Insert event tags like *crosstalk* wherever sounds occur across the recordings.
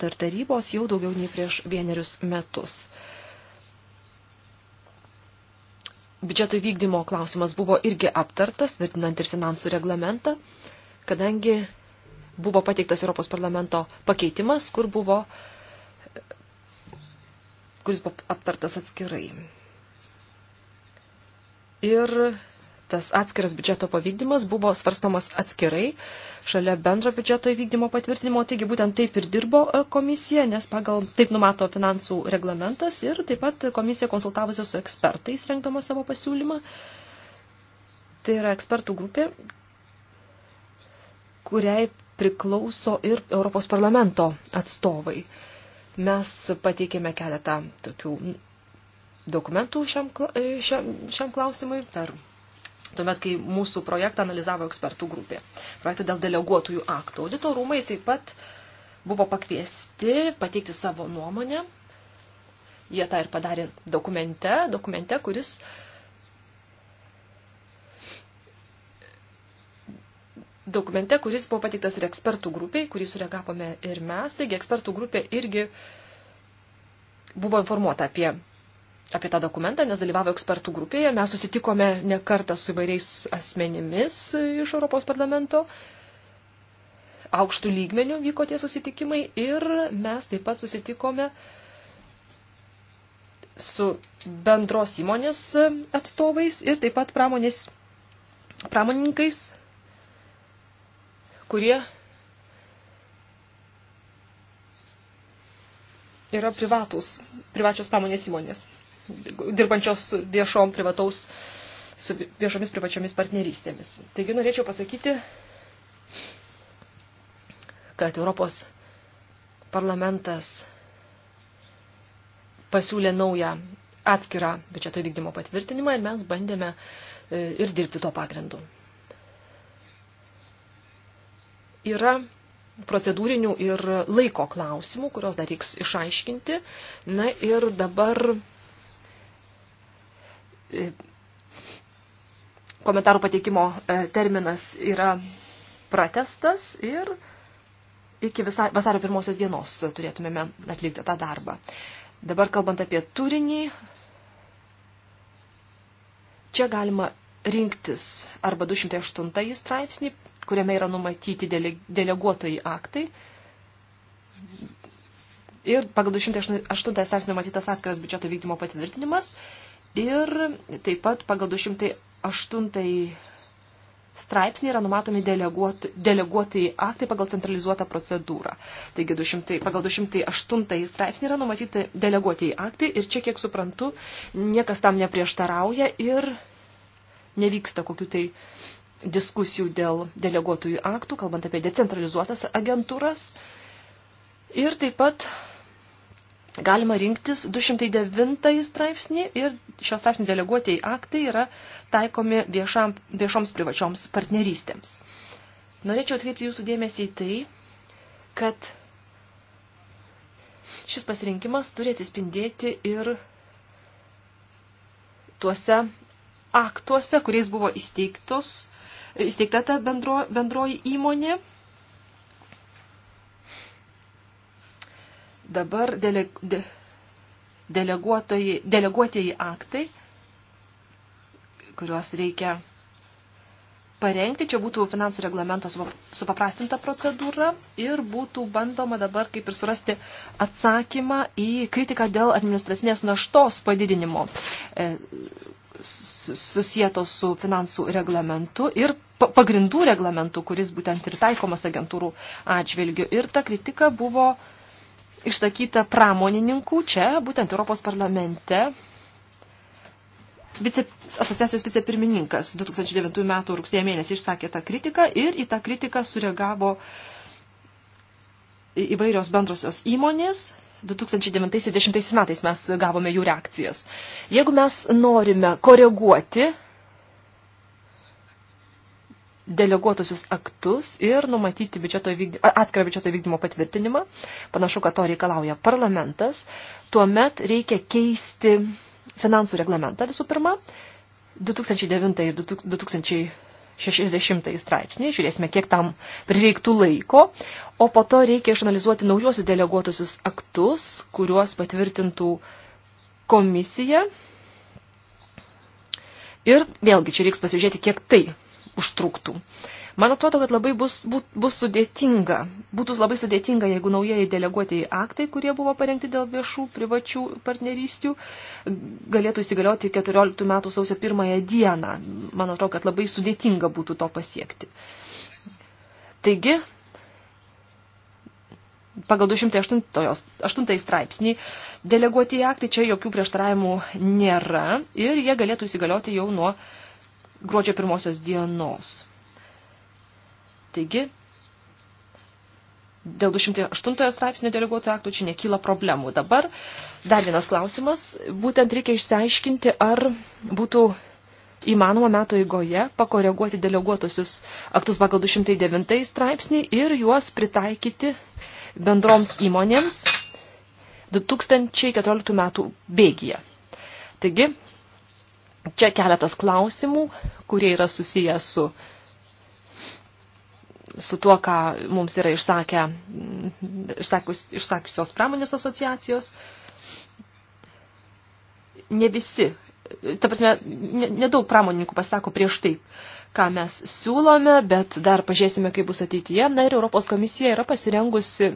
dar tarybos jau daugiau nei prieš vienerius metus. Biudžeto vykdymo klausimas buvo irgi aptartas, vertinant ir finansų reglamentą, kadangi buvo pateiktas Europos parlamento pakeitimas, kur buvo, kuris buvo aptartas atskirai. Ir tas atskiras biudžeto pavykdymas buvo svarstomas atskirai šalia bendro biudžeto įvykdymo patvirtinimo, taigi būtent taip ir dirbo e, komisija, nes pagal taip numato finansų reglamentas ir taip pat komisija konsultavosi su ekspertais rengdama savo pasiūlymą. Tai yra ekspertų grupė, kuriai priklauso ir Europos parlamento atstovai. Mes pateikėme keletą tokių dokumentų šiam, e, šiam, šiam klausimui per tuomet, kai mūsų projektą analizavo ekspertų grupė. Projektą dėl deleguotųjų aktų. Audito rūmai taip pat buvo pakviesti pateikti savo nuomonę. Jie tą ir padarė dokumente, dokumente, kuris dokumente, kuris buvo pateiktas ir ekspertų grupiai, kurį sureagavome ir mes. Taigi ekspertų grupė irgi buvo informuota apie apie tą dokumentą, nes dalyvavo ekspertų grupėje. Mes susitikome ne kartą su įvairiais asmenimis iš Europos parlamento. Aukštų lygmenių vyko tie susitikimai ir mes taip pat susitikome su bendros įmonės atstovais ir taip pat pramonės, pramonininkais, kurie yra privatus, privačios pramonės įmonės dirbančios viešom privataus, su viešomis privačiomis partnerystėmis. Taigi norėčiau pasakyti, kad Europos parlamentas pasiūlė naują atskirą biudžeto vykdymo patvirtinimą ir mes bandėme e, ir dirbti to pagrindu. Yra procedūrinių ir laiko klausimų, kurios dar reiks išaiškinti. Na ir dabar komentarų pateikimo e, terminas yra pratestas ir iki visa, vasario pirmosios dienos turėtumėme atlikti tą darbą. Dabar kalbant apie turinį, čia galima rinktis arba 208 straipsnį, kuriame yra numatyti dele, deleguotojai aktai. Ir pagal 208 straipsnį numatytas atskiras biudžeto vykdymo patvirtinimas Ir taip pat pagal 208 straipsnį yra numatomi deleguot, deleguotai aktai pagal centralizuotą procedūrą. Taigi 200, pagal 208 straipsnį yra numatyti deleguotieji aktai ir čia, kiek suprantu, niekas tam neprieštarauja ir nevyksta kokių tai diskusijų dėl deleguotųjų aktų, kalbant apie decentralizuotas agentūras. Ir taip pat galima rinktis 209 straipsnį ir šios straipsnį deleguotieji aktai yra taikomi viešam, viešoms privačioms partnerystėms. Norėčiau atkreipti jūsų dėmesį į tai, kad šis pasirinkimas turi atsispindėti ir tuose aktuose, kuriais buvo įsteigtos, įsteigta ta bendro, bendroji įmonė Dabar dele, de, deleguotieji aktai, kuriuos reikia parengti. Čia būtų finansų reglamento supaprastinta procedūra ir būtų bandoma dabar kaip ir surasti atsakymą į kritiką dėl administracinės naštos padidinimo e, susijęto su finansų reglamentu ir pagrindų reglamentu, kuris būtent ir taikomas agentūrų atžvilgiu. Ir ta kritika buvo uh, išsakyta pramonininkų čia, būtent Europos parlamente, vice, asociacijos vicepirmininkas 2009 metų rugsėjo mėnesį išsakė tą kritiką ir į tą kritiką sureagavo įvairios bendrosios įmonės. 2009-2010 metais mes gavome jų reakcijas. Jeigu mes norime koreguoti deleguotusius aktus ir numatyti biudžeto vykdy... atskirą biudžeto vykdymo patvirtinimą. Panašu, kad to reikalauja parlamentas. Tuomet reikia keisti finansų reglamentą visų pirma. 2009 ir 2060 straipsnį. Žiūrėsime, kiek tam prireiktų laiko. O po to reikia išanalizuoti naujuosius deleguotusius aktus, kuriuos patvirtintų komisija. Ir vėlgi čia reiks pasižiūrėti, kiek tai užtruktų. Man atrodo, kad labai bus, bus, bus sudėtinga, būtų labai sudėtinga, jeigu naujieji deleguotieji aktai, kurie buvo parengti dėl viešų privačių partnerystių, galėtų įsigalioti 14 metų sausio pirmąją dieną. Man atrodo, kad labai sudėtinga būtų to pasiekti. Taigi, pagal 208 straipsnį deleguoti aktai čia jokių prieštaravimų nėra ir jie galėtų įsigalioti jau nuo gruodžio pirmosios dienos. Taigi, dėl 208 straipsnio deleguotų aktų čia nekyla problemų. Dabar dar vienas klausimas. Būtent reikia išsiaiškinti, ar būtų įmanoma metų eigoje pakoreguoti deleguotusius aktus pagal 209 straipsnį ir juos pritaikyti bendroms įmonėms 2014 metų bėgyje. Taigi, Čia keletas klausimų, kurie yra susiję su, su tuo, ką mums yra išsakę, išsakus, išsakusios pramonės asociacijos. Ne visi, ta prasme, nedaug ne pramonininkų pasako prieš tai, ką mes siūlome, bet dar pažiūrėsime, kaip bus ateityje. Na ir Europos komisija yra pasirengusi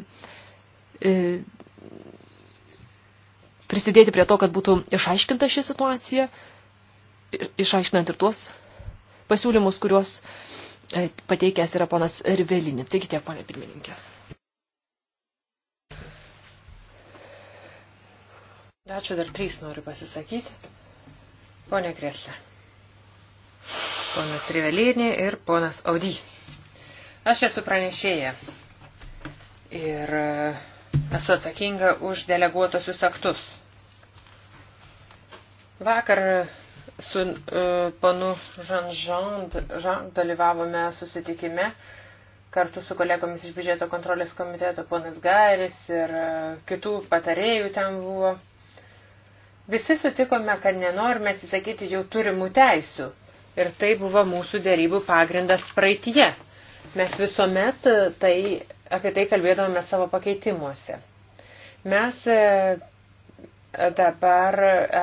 e, prisidėti prie to, kad būtų išaiškinta ši situacija. E, išaiškinant ir tuos pasiūlymus, kuriuos e, pateikęs yra ponas Rivelinė. Taigi tiek, ponė pirmininkė. Ačiū, dar trys noriu pasisakyti. Pone Kreslė. Ponas Rivelinė ir ponas Audy. Aš esu pranešėja ir e, esu atsakinga už deleguotosius aktus. Vakar su uh, panu Žanžan Žan, dalyvavome susitikime kartu su kolegomis iš biudžeto kontrolės komiteto, ponas Gairis ir uh, kitų patarėjų ten buvo. Visi sutikome, kad nenorime atsisakyti jau turimų teisių. Ir tai buvo mūsų dėrybų pagrindas praeitie. Mes visuomet e, tai, apie tai kalbėdavome savo pakeitimuose. Mes dabar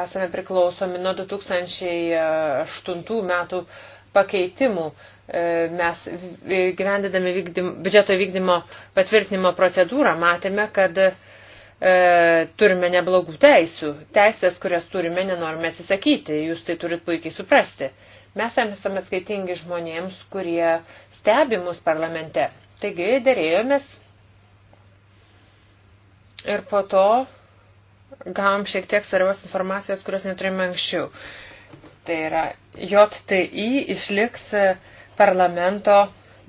esame priklausomi nuo 2008 metų pakeitimų. E, mes gyvendydami vykdym, biudžeto vykdymo patvirtinimo procedūrą matėme, kad e, turime neblogų teisių. Teisės, kurias turime, nenorime atsisakyti. Jūs tai turit puikiai suprasti. Mes esame atskaitingi žmonėms, kurie stebi mus parlamente. Taigi dėrėjomės ir po to gavom šiek tiek svarbios informacijos, kurios neturime anksčiau. Tai yra, JTI išliks e, parlamento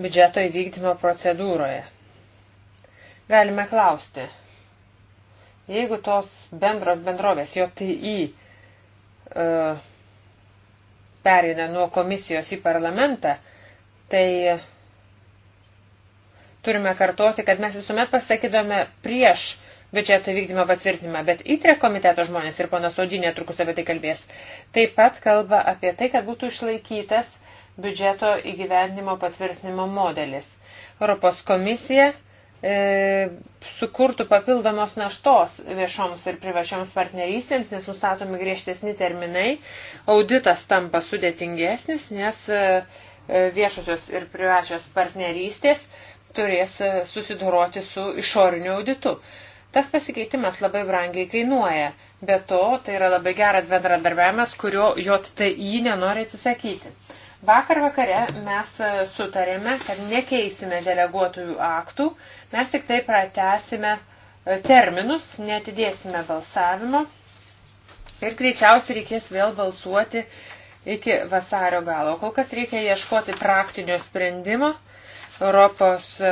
biudžeto įvykdymo procedūroje. Galime klausti, jeigu tos bendros bendrovės JTI uh, e, perina nuo komisijos į parlamentą, tai turime kartoti, kad mes visuomet pasakydome prieš uh, biudžeto vykdymo patvirtinimą, bet įtre komiteto žmonės ir ponas Audinė trukus apie tai kalbės. Taip pat kalba apie tai, kad būtų išlaikytas biudžeto įgyvendimo patvirtinimo modelis. Europos komisija e, sukurtų papildomos naštos viešoms ir privačioms partnerystėms, nes nustatomi griežtesni terminai, auditas tampa sudėtingesnis, nes e, e viešosios ir privačios partnerystės turės e, susidoroti su išoriniu auditu. E, Tas pasikeitimas labai brangiai kainuoja, bet to tai yra labai geras bendradarbiavimas, kurio JTI nenori atsisakyti. Vakar vakare mes sutarėme, kad nekeisime deleguotojų aktų, mes tik tai pratesime e, terminus, netidėsime balsavimo ir greičiausiai reikės vėl balsuoti iki vasario galo. Kol kas reikia ieškoti praktinio sprendimo Europos e,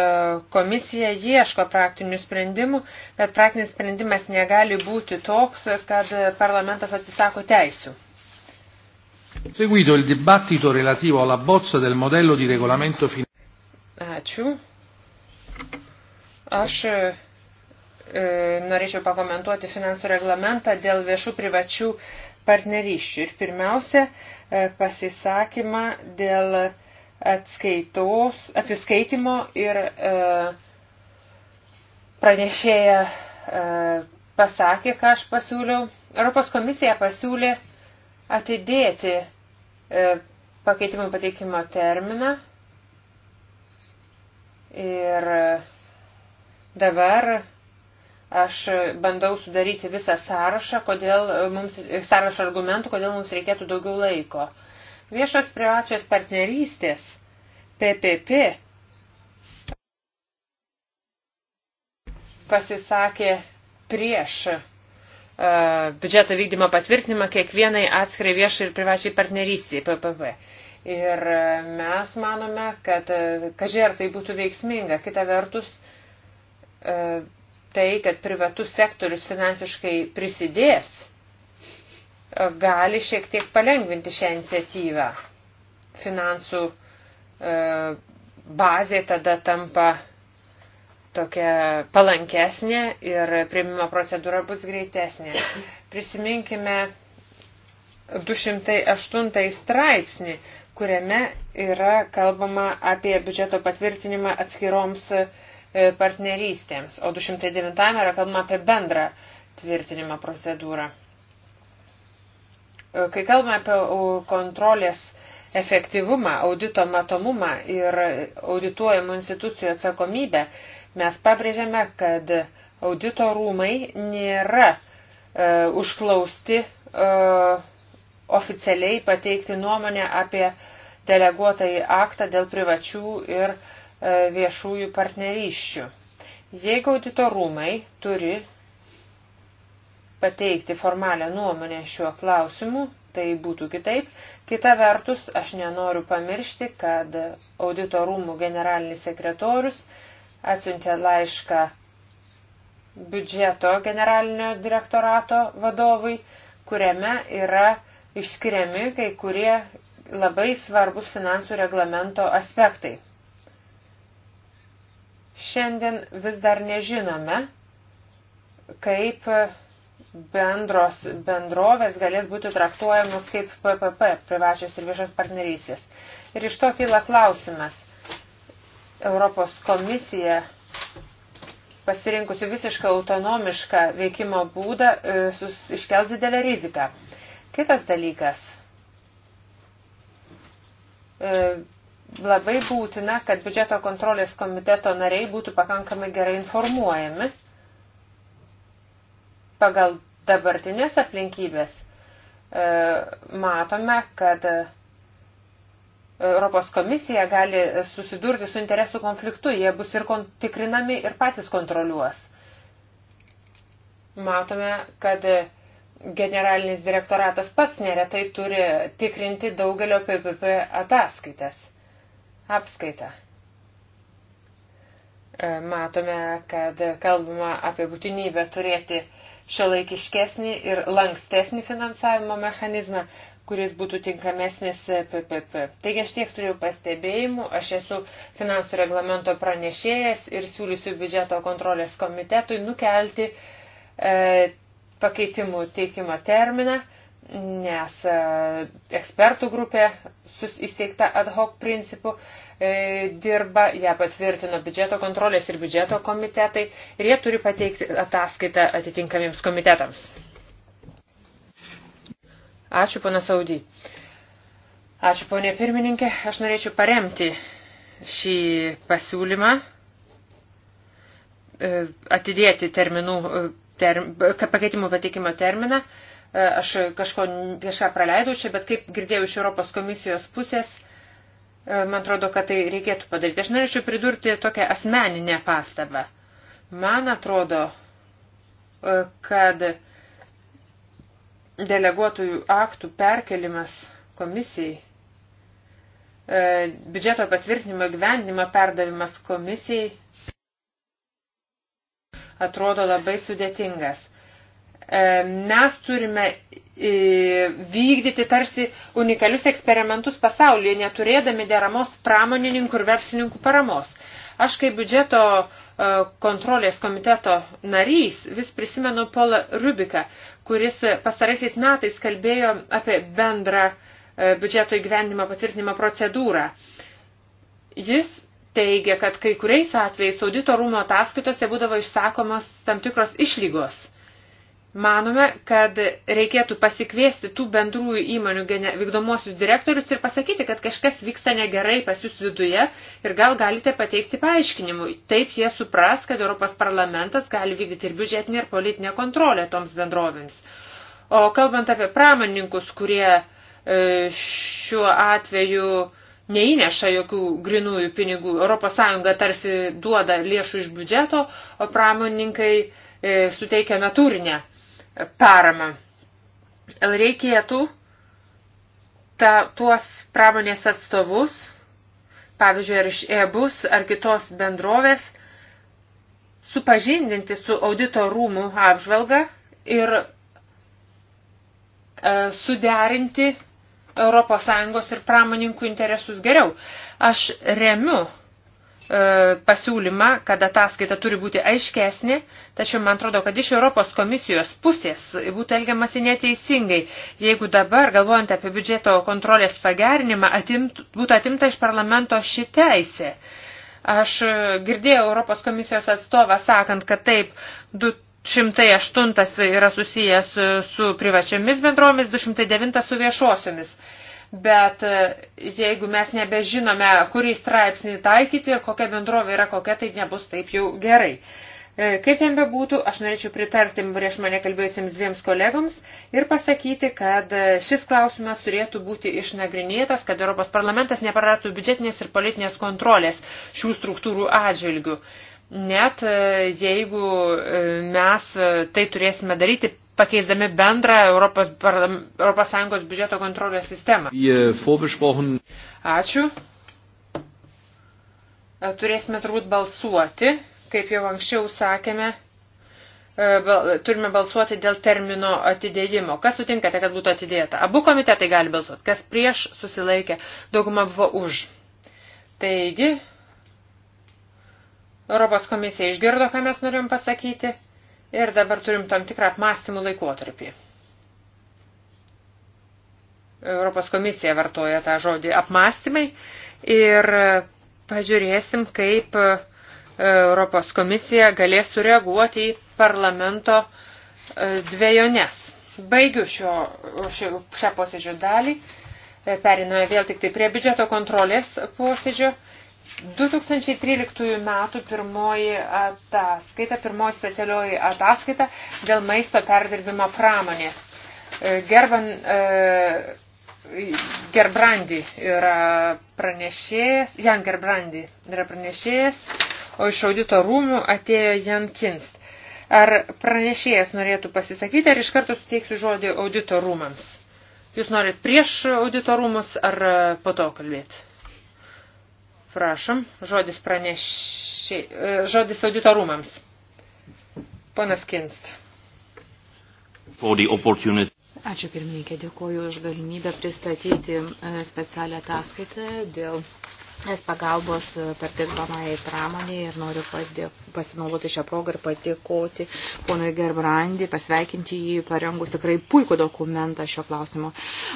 komisija ieško praktinių sprendimų, bet praktinis sprendimas negali būti toks, kad parlamentas atsisako teisių. Seguito il dibattito relativo alla bozza del modello di regolamento Ačiū. Aš e, e, norėčiau pakomentuoti finansų reglamentą dėl viešų privačių partnerysčių. Ir pirmiausia, e, pasisakymą dėl e, atskaitos, atsiskaitimo ir e, pranešėja e, pasakė, ką aš pasiūliau. Europos komisija pasiūlė atidėti e, pakeitimų pateikimo terminą ir dabar aš bandau sudaryti visą sąrašą, kodėl mums, sąrašą argumentų, kodėl mums reikėtų daugiau laiko. E, Viešos privačios partnerystės PPP pasisakė prieš e, biudžeto vykdymo patvirtinimą kiekvienai atskirai viešai ir privačiai partnerystiai PPP. Ir e, mes manome, kad e, kažkai ar tai būtų veiksminga. Kita vertus, tai, kad privatus sektorius finansiškai prisidės gali šiek tiek palengvinti šią iniciatyvą. Finansų e, bazė tada tampa tokia palankesnė ir priimimo procedūra bus greitesnė. Prisiminkime 208 straipsnį, kuriame yra kalbama apie biudžeto patvirtinimą atskiroms e, partnerystėms, o 209 yra kalbama apie bendrą tvirtinimą procedūrą. E, kai kalbame apie kontrolės efektyvumą, audito matomumą ir audituojamų institucijų atsakomybę, mes pabrėžiame, kad audito rūmai nėra e, užklausti e, oficialiai pateikti nuomonę apie deleguotąjį aktą dėl privačių ir e, viešųjų partnerysčių. Jeigu audito rūmai turi pateikti formalią nuomonę šiuo klausimu, tai būtų kitaip. Kita vertus, aš nenoriu pamiršti, kad audito rūmų generalinis sekretorius atsiuntė laišką biudžeto generalinio direktorato vadovui, kuriame yra išskiriami kai kurie labai svarbus finansų reglamento aspektai. Šiandien vis dar nežinome, kaip bendros bendrovės galės būti traktuojamos kaip PPP, privačios ir viešos partnerysės. Ir iš to kyla klausimas. Europos komisija pasirinkusi visišką autonomišką veikimo būdą e, iškels didelę riziką. Kitas dalykas. E, labai būtina, kad biudžeto kontrolės komiteto nariai būtų pakankamai gerai informuojami pagal dabartinės aplinkybės e, matome, kad Europos komisija gali susidurti su interesų konfliktu, jie bus ir tikrinami ir patys kontroliuos. Matome, kad generalinis direktoratas pats neretai turi tikrinti daugelio PPP ataskaitas, apskaitą. E, matome, kad kalbama apie būtinybę turėti šiolaikiškesnį ir lankstesnį finansavimo mechanizmą, kuris būtų tinkamesnis PPP. Taigi aš tiek turiu pastebėjimų, aš esu finansų reglamento pranešėjas ir siūlysiu biudžeto kontrolės komitetui nukelti e, pakeitimų teikimo terminą. E, nes e, ekspertų grupė įsteigta ad hoc principu e, dirba, ją patvirtino biudžeto kontrolės ir biudžeto komitetai ir jie turi pateikti ataskaitą atitinkamiems komitetams. Ačiū, pana Saudy. Ačiū, ponė pirmininkė. Aš norėčiau paremti šį pasiūlymą, e, atidėti terminų, term, pakeitimų pateikimo terminą E, aš kažko, kažką praleidau čia, bet kaip girdėjau iš Europos komisijos pusės, e, man atrodo, kad tai reikėtų padaryti. Aš norėčiau pridurti tokią asmeninę pastabą. Man atrodo, e, kad deleguotųjų aktų perkelimas komisijai, biudžeto patvirtinimo gyvendinimo perdavimas komisijai atrodo labai sudėtingas. E, mes turime e, vykdyti tarsi unikalius eksperimentus pasaulyje, neturėdami deramos pramonininkų ir verslininkų paramos. Aš kaip biudžeto e, kontrolės komiteto narys vis prisimenu Paulą Rubiką, kuris pastaraisiais metais kalbėjo apie bendrą biudžeto įgyvendimo patvirtinimo procedūrą. Jis teigia, kad kai kuriais atvejais audito rūmo ataskaitose būdavo išsakomos tam tikros išlygos – Manome, kad reikėtų pasikviesti tų bendrųjų įmonių vykdomuosius direktorius ir pasakyti, kad kažkas vyksta negerai pas jūs viduje ir gal galite pateikti paaiškinimų. Taip jie supras, kad Europos parlamentas gali vykdyti ir biudžetinę, ir politinę kontrolę toms bendrovėms. O kalbant apie pramoninkus, kurie e, šiuo atveju neįneša jokių grinųjų pinigų, ES tarsi duoda lėšų iš biudžeto, o pramoninkai e, suteikia natūrinę paramą. Reikėtų ta, tuos pramonės atstovus, pavyzdžiui, ar iš EBUS ar kitos bendrovės, supažindinti su audito rūmų apžvalga ir e, suderinti ES ir pramoninkų interesus geriau. Aš remiu E, pasiūlymą, kad ataskaita turi būti aiškesnė, tačiau man atrodo, kad iš Europos komisijos pusės būtų elgiamasi neteisingai, jeigu dabar, galvojant apie biudžeto kontrolės pagerinimą, atimt, būtų atimta iš parlamento ši teisė. Aš girdėjau Europos komisijos atstovą sakant, kad taip, 208 yra susijęs su privačiamis bendromis, 209 su viešosiomis bet e, jeigu mes nebežinome, kurį straipsnį taikyti, kokia bendrovė yra kokia, tai nebus taip jau gerai. E, kaip ten bebūtų, aš norėčiau pritarti prieš mane kalbėjusiems dviems kolegams ir pasakyti, kad e, šis klausimas turėtų būti išnagrinėtas, kad Europos parlamentas nepraratų biudžetinės ir politinės kontrolės šių struktūrų atžvilgių. Net jeigu mes tai turėsime daryti pakeisdami bendrą Europos, Europos Sąjungos biudžeto kontrolės sistemą. E, Ačiū. E, turėsime turbūt balsuoti, kaip jau anksčiau sakėme, e, turime balsuoti dėl termino atidėjimo. Kas sutinkate, kad būtų atidėta? Abu komitetai gali balsuoti. Kas prieš susilaikė, dauguma buvo už. Taigi, Europos komisija išgirdo, ką mes norim pasakyti ir dabar turim tam tikrą apmąstymų laikotarpį. Europos komisija vartoja tą žodį apmąstymai ir pažiūrėsim, kaip Europos komisija galės sureaguoti į parlamento e, dviejones. Baigiu šio, šio, šią posėdžio dalį, e, periname vėl tik tai prie biudžeto kontrolės posėdžio 2013 metų pirmoji ataskaita, pirmoji specialioji ataskaita dėl maisto perdirbimo pramonės. E, Gerban, e, Gerbrandi yra pranešėjas, Jan Gerbrandi yra pranešėjas, o iš audito rūmių atėjo Jan Kinst. Ar pranešėjas norėtų pasisakyti, ar iš karto suteiksiu žodį audito rūmams? Jūs norit prieš audito rūmus ar po to kalbėti? Prašom, žodis pranešiai, e, žodis auditorumams. Ponas Kinst. Ačiū pirmininkė, dėkoju už galimybę pristatyti e, specialią ataskaitą dėl es pagalbos e, per dirbamąją pramonę ir noriu padė, pasinaudoti šią progą ir patikoti ponui Gerbrandi, pasveikinti jį parengus tikrai puikų dokumentą šio klausimo.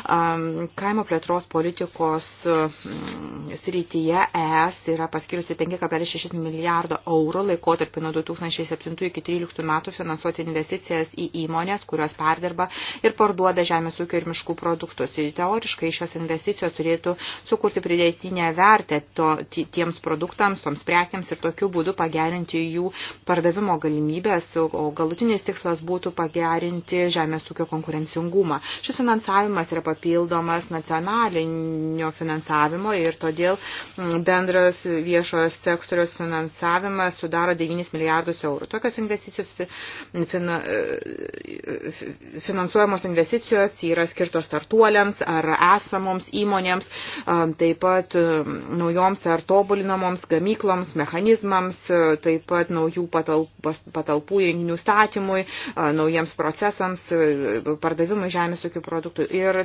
Um, kaimo plėtros politikos um, srityje ES yra paskiriusi 5,6 milijardo eurų laikotarpį nuo 2007 iki 2013 metų finansuoti investicijas į įmonės, kurios perdirba ir parduoda žemės ūkio ir miškų produktus. Ir teoriškai šios investicijos turėtų sukurti pridėtinę vertę te, to, tiems produktams, toms prekiams ir tokiu būdu pagerinti jų pardavimo galimybės, o galutinis tikslas būtų pagerinti žemės ūkio konkurencingumą. Šis finansavimas yra papildomas nacionalinio finansavimo ir todėl mm, bendras viešojo sektoriaus finansavimas sudaro 9 milijardus eurų. Tokios investicijos fina, e, finansuojamos investicijos yra skirtos startuoliams ar esamoms įmonėms, taip pat naujoms ar tobulinamoms gamykloms, mechanizmams, e, taip pat naujų patalpų, patalpų įrenginių statymui, e, naujiems procesams, e, pardavimui žemės ūkių produktų. Ir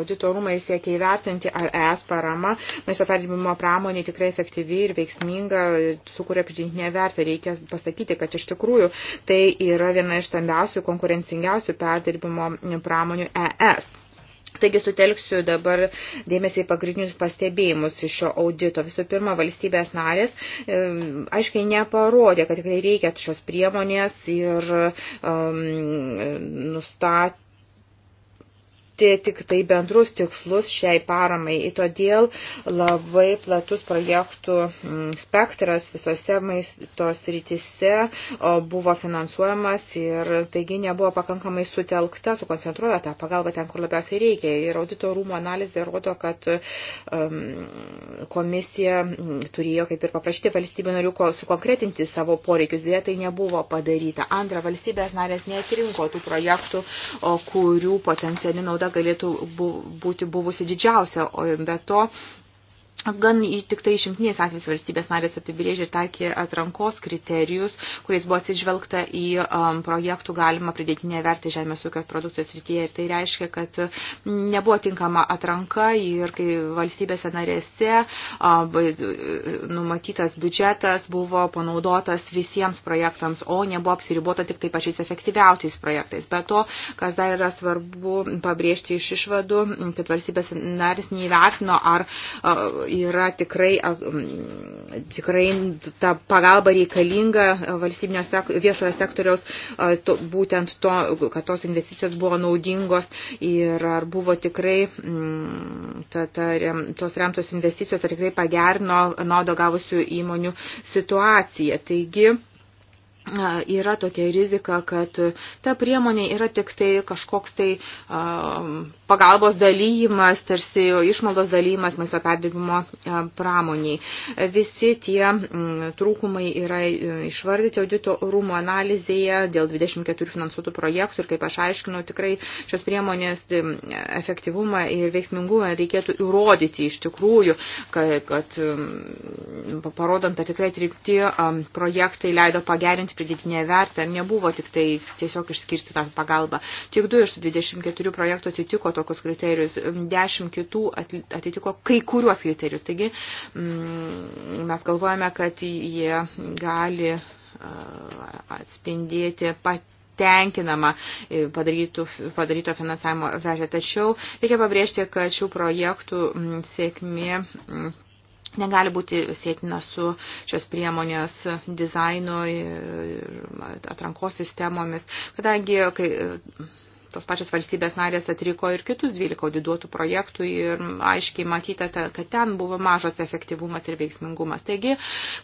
auditorumai siekia įvertinti, ar ES parama maisto perdirbimo pramonė tikrai efektyvi ir veiksminga, sukuria pridėtinę vertę. Reikia pasakyti, kad iš tikrųjų tai yra viena iš stambiausių, konkurencingiausių perdirbimo pramonių ES. Taigi sutelksiu dabar dėmesį į pagrindinius pastebėjimus iš šio audito. Visų pirma, valstybės narės aiškiai neparodė, kad tikrai reikia šios priemonės ir um, nustatė numatė tik tai bendrus tikslus šiai paramai. Ir todėl labai platus projektų mm, spektras visose maisto sritise buvo finansuojamas ir taigi nebuvo pakankamai sutelkta, sukoncentruota ta pagalba ten, kur labiausiai reikia. Ir audito rūmų analizė rodo, kad um, komisija mm, turėjo kaip ir paprašyti valstybių narių sukonkretinti savo poreikius, dėja tai nebuvo padaryta. Antra, valstybės narės neatrinko tų projektų, kurių potenciali nauda galėtų būti buvusi didžiausia, o be to Gan tik tai išimtiniais atvejais valstybės narės apibrėžė taikė atrankos kriterijus, kuriais buvo atsižvelgta į um, projektų galima pridėtinę vertę žemės ūkio produkcijos rytyje. Ir tai reiškia, kad nebuvo tinkama atranka ir kai valstybėse narėse um, numatytas biudžetas buvo panaudotas visiems projektams, o nebuvo apsiribota tik tai pačiais efektyviausiais projektais. Be to, kas dar yra svarbu pabrėžti iš išvadų, kad valstybės narės neįvertino, ar uh, yra tikrai, tikrai ta pagalba reikalinga valstybinio sek, viešojo sektoriaus, to, būtent to, kad tos investicijos buvo naudingos ir ar buvo tikrai ta, ta, tos remtos investicijos, ar tikrai pagerino naudo gavusių įmonių situaciją. Taigi, yra tokia rizika, kad ta priemonė yra tik tai kažkoks tai pagalbos dalyjimas, tarsi išmaldos dalyjimas maisto perdirbimo pramoniai. Visi tie trūkumai yra e, išvardyti audito rūmų analizėje dėl 24 finansuotų projektų ir kaip aš aiškinau, tikrai šios priemonės efektyvumą ir veiksmingumą reikėtų įrodyti iš tikrųjų, kad, kad parodant, kad tikrai atripti projektai leido pagerinti pridėtinė vertė, nebuvo tik tai tiesiog išskirsti tą pagalbą. Tik du iš 24 projektų atitiko tokius kriterijus, 10 kitų atitiko kai kuriuos kriterijus. Taigi mes galvojame, kad jie gali atspindėti pat tenkinama e, padarytų, padaryto finansavimo vertė. Tačiau reikia pabrėžti, kad šių projektų sėkmė negali būti sėtina su šios priemonės dizainu ir atrankos sistemomis, kadangi kai, tos pačios valstybės narės atriko ir kitus 12 audiduotų projektų ir aiškiai matyta, kad ten buvo mažas efektyvumas ir veiksmingumas. Taigi,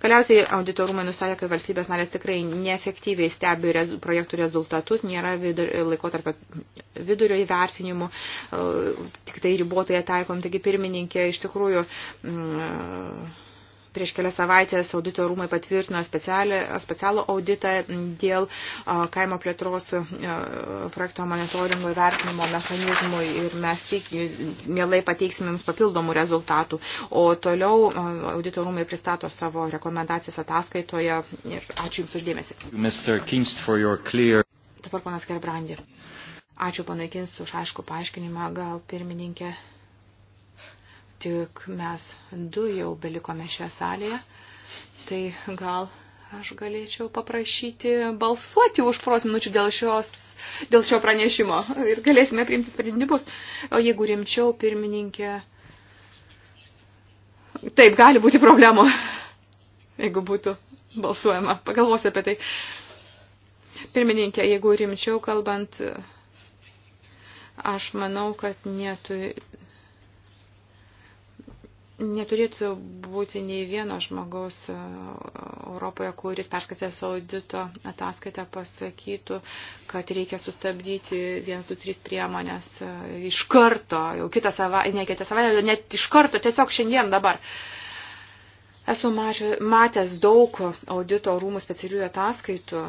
galiausiai auditorumai nustatė, kad valstybės narės tikrai neefektyviai stebi rezu, projektų rezultatus, nėra vidur, laikotarpio vidurio įvertinimų, e, tik tai ribotai ataikom. Taigi, pirmininkė, iš tikrųjų. Mm, Prieš kelias savaitės audito rūmai patvirtino specialų auditą dėl kaimo plėtros projekto monitoringo įvertinimo mechanizmų ir mes tik mielai pateiksime jums papildomų rezultatų. O toliau audito rūmai pristato savo rekomendacijas ataskaitoje ir ačiū Jums uždėmesi. Dabar panas Gerbrandi. Ačiū panaikinsiu už aišku paaiškinimą, gal pirmininkė tik mes du jau belikome šioje salėje, tai gal aš galėčiau paprašyti balsuoti už poros minučių dėl, šios, dėl šio pranešimo ir galėsime priimti sprendimus. O jeigu rimčiau, pirmininkė, taip gali būti problemų, *laughs* jeigu būtų balsuojama. Pagalvosiu apie tai. Pirmininkė, jeigu rimčiau kalbant, aš manau, kad netu, neturėtų būti nei vieno žmogaus e, Europoje, kuris perskaitęs audito ataskaitą pasakytų, kad reikia sustabdyti 1-2-3 priemonės e, iš karto, jau kitą savaitę, ne kitą savaitę, net iš karto, tiesiog šiandien dabar. Esu mačiu, matęs daug audito rūmų specialiųjų ataskaitų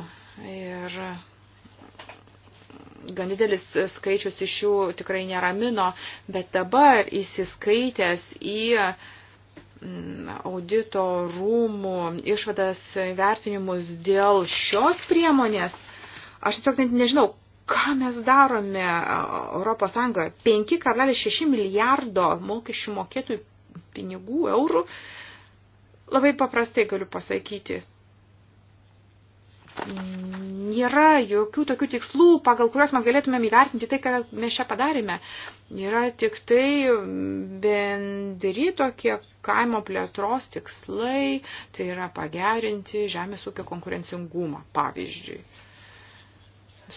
ir gan didelis skaičius iš jų tikrai neramino, bet dabar įsiskaitęs į mm, audito rūmų išvadas vertinimus dėl šios priemonės, aš tiesiog net nežinau, ką mes darome Europos Sąjungoje. 5,6 milijardo mokesčių mokėtojų pinigų, eurų. Labai paprastai galiu pasakyti nėra jokių tokių tikslų, pagal kuriuos mes galėtumėm įvertinti tai, ką mes čia padarėme. Yra tik tai bendri tokie kaimo plėtros tikslai, tai yra pagerinti žemės ūkio konkurencingumą, pavyzdžiui.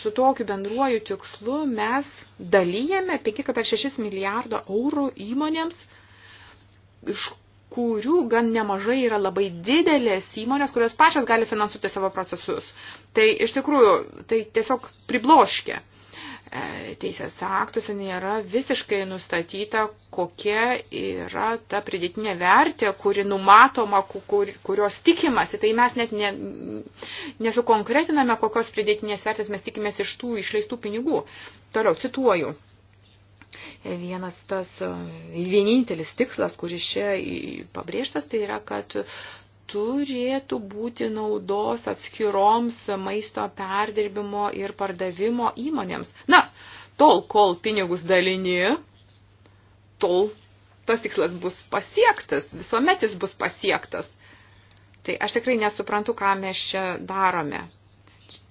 Su tokiu bendruoju tikslu mes dalyjame 5,6 milijardo eurų įmonėms, iš kurių gan nemažai yra labai didelės įmonės, kurios pačios gali finansuoti savo procesus. Tai iš tikrųjų, tai tiesiog pribloškia. E, teisės aktuose nėra visiškai nustatyta, kokia yra ta pridėtinė vertė, kuri numatoma, kur, kurios tikimasi. Tai mes net ne, nesukonkretiname, kokios pridėtinės vertės mes tikimės iš tų išleistų pinigų. Toliau cituoju. Vienas tas vienintelis tikslas, kuris čia pabrėžtas, tai yra, kad turėtų būti naudos atskiroms maisto perdirbimo ir pardavimo įmonėms. Na, tol, kol pinigus dalini, tol tas tikslas bus pasiektas, visuomet jis bus pasiektas. Tai aš tikrai nesuprantu, ką mes čia darome.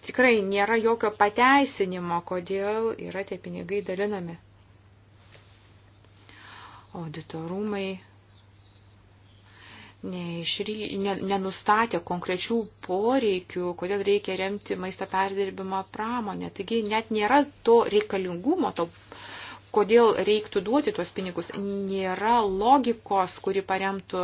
Tikrai nėra jokio pateisinimo, kodėl yra tie pinigai dalinami auditorumai neišry, ne, nenustatė konkrečių poreikių, kodėl reikia remti maisto perdirbimą pramonę. Taigi net nėra to reikalingumo, to, kodėl reiktų duoti tuos pinigus. Nėra logikos, kuri paremtų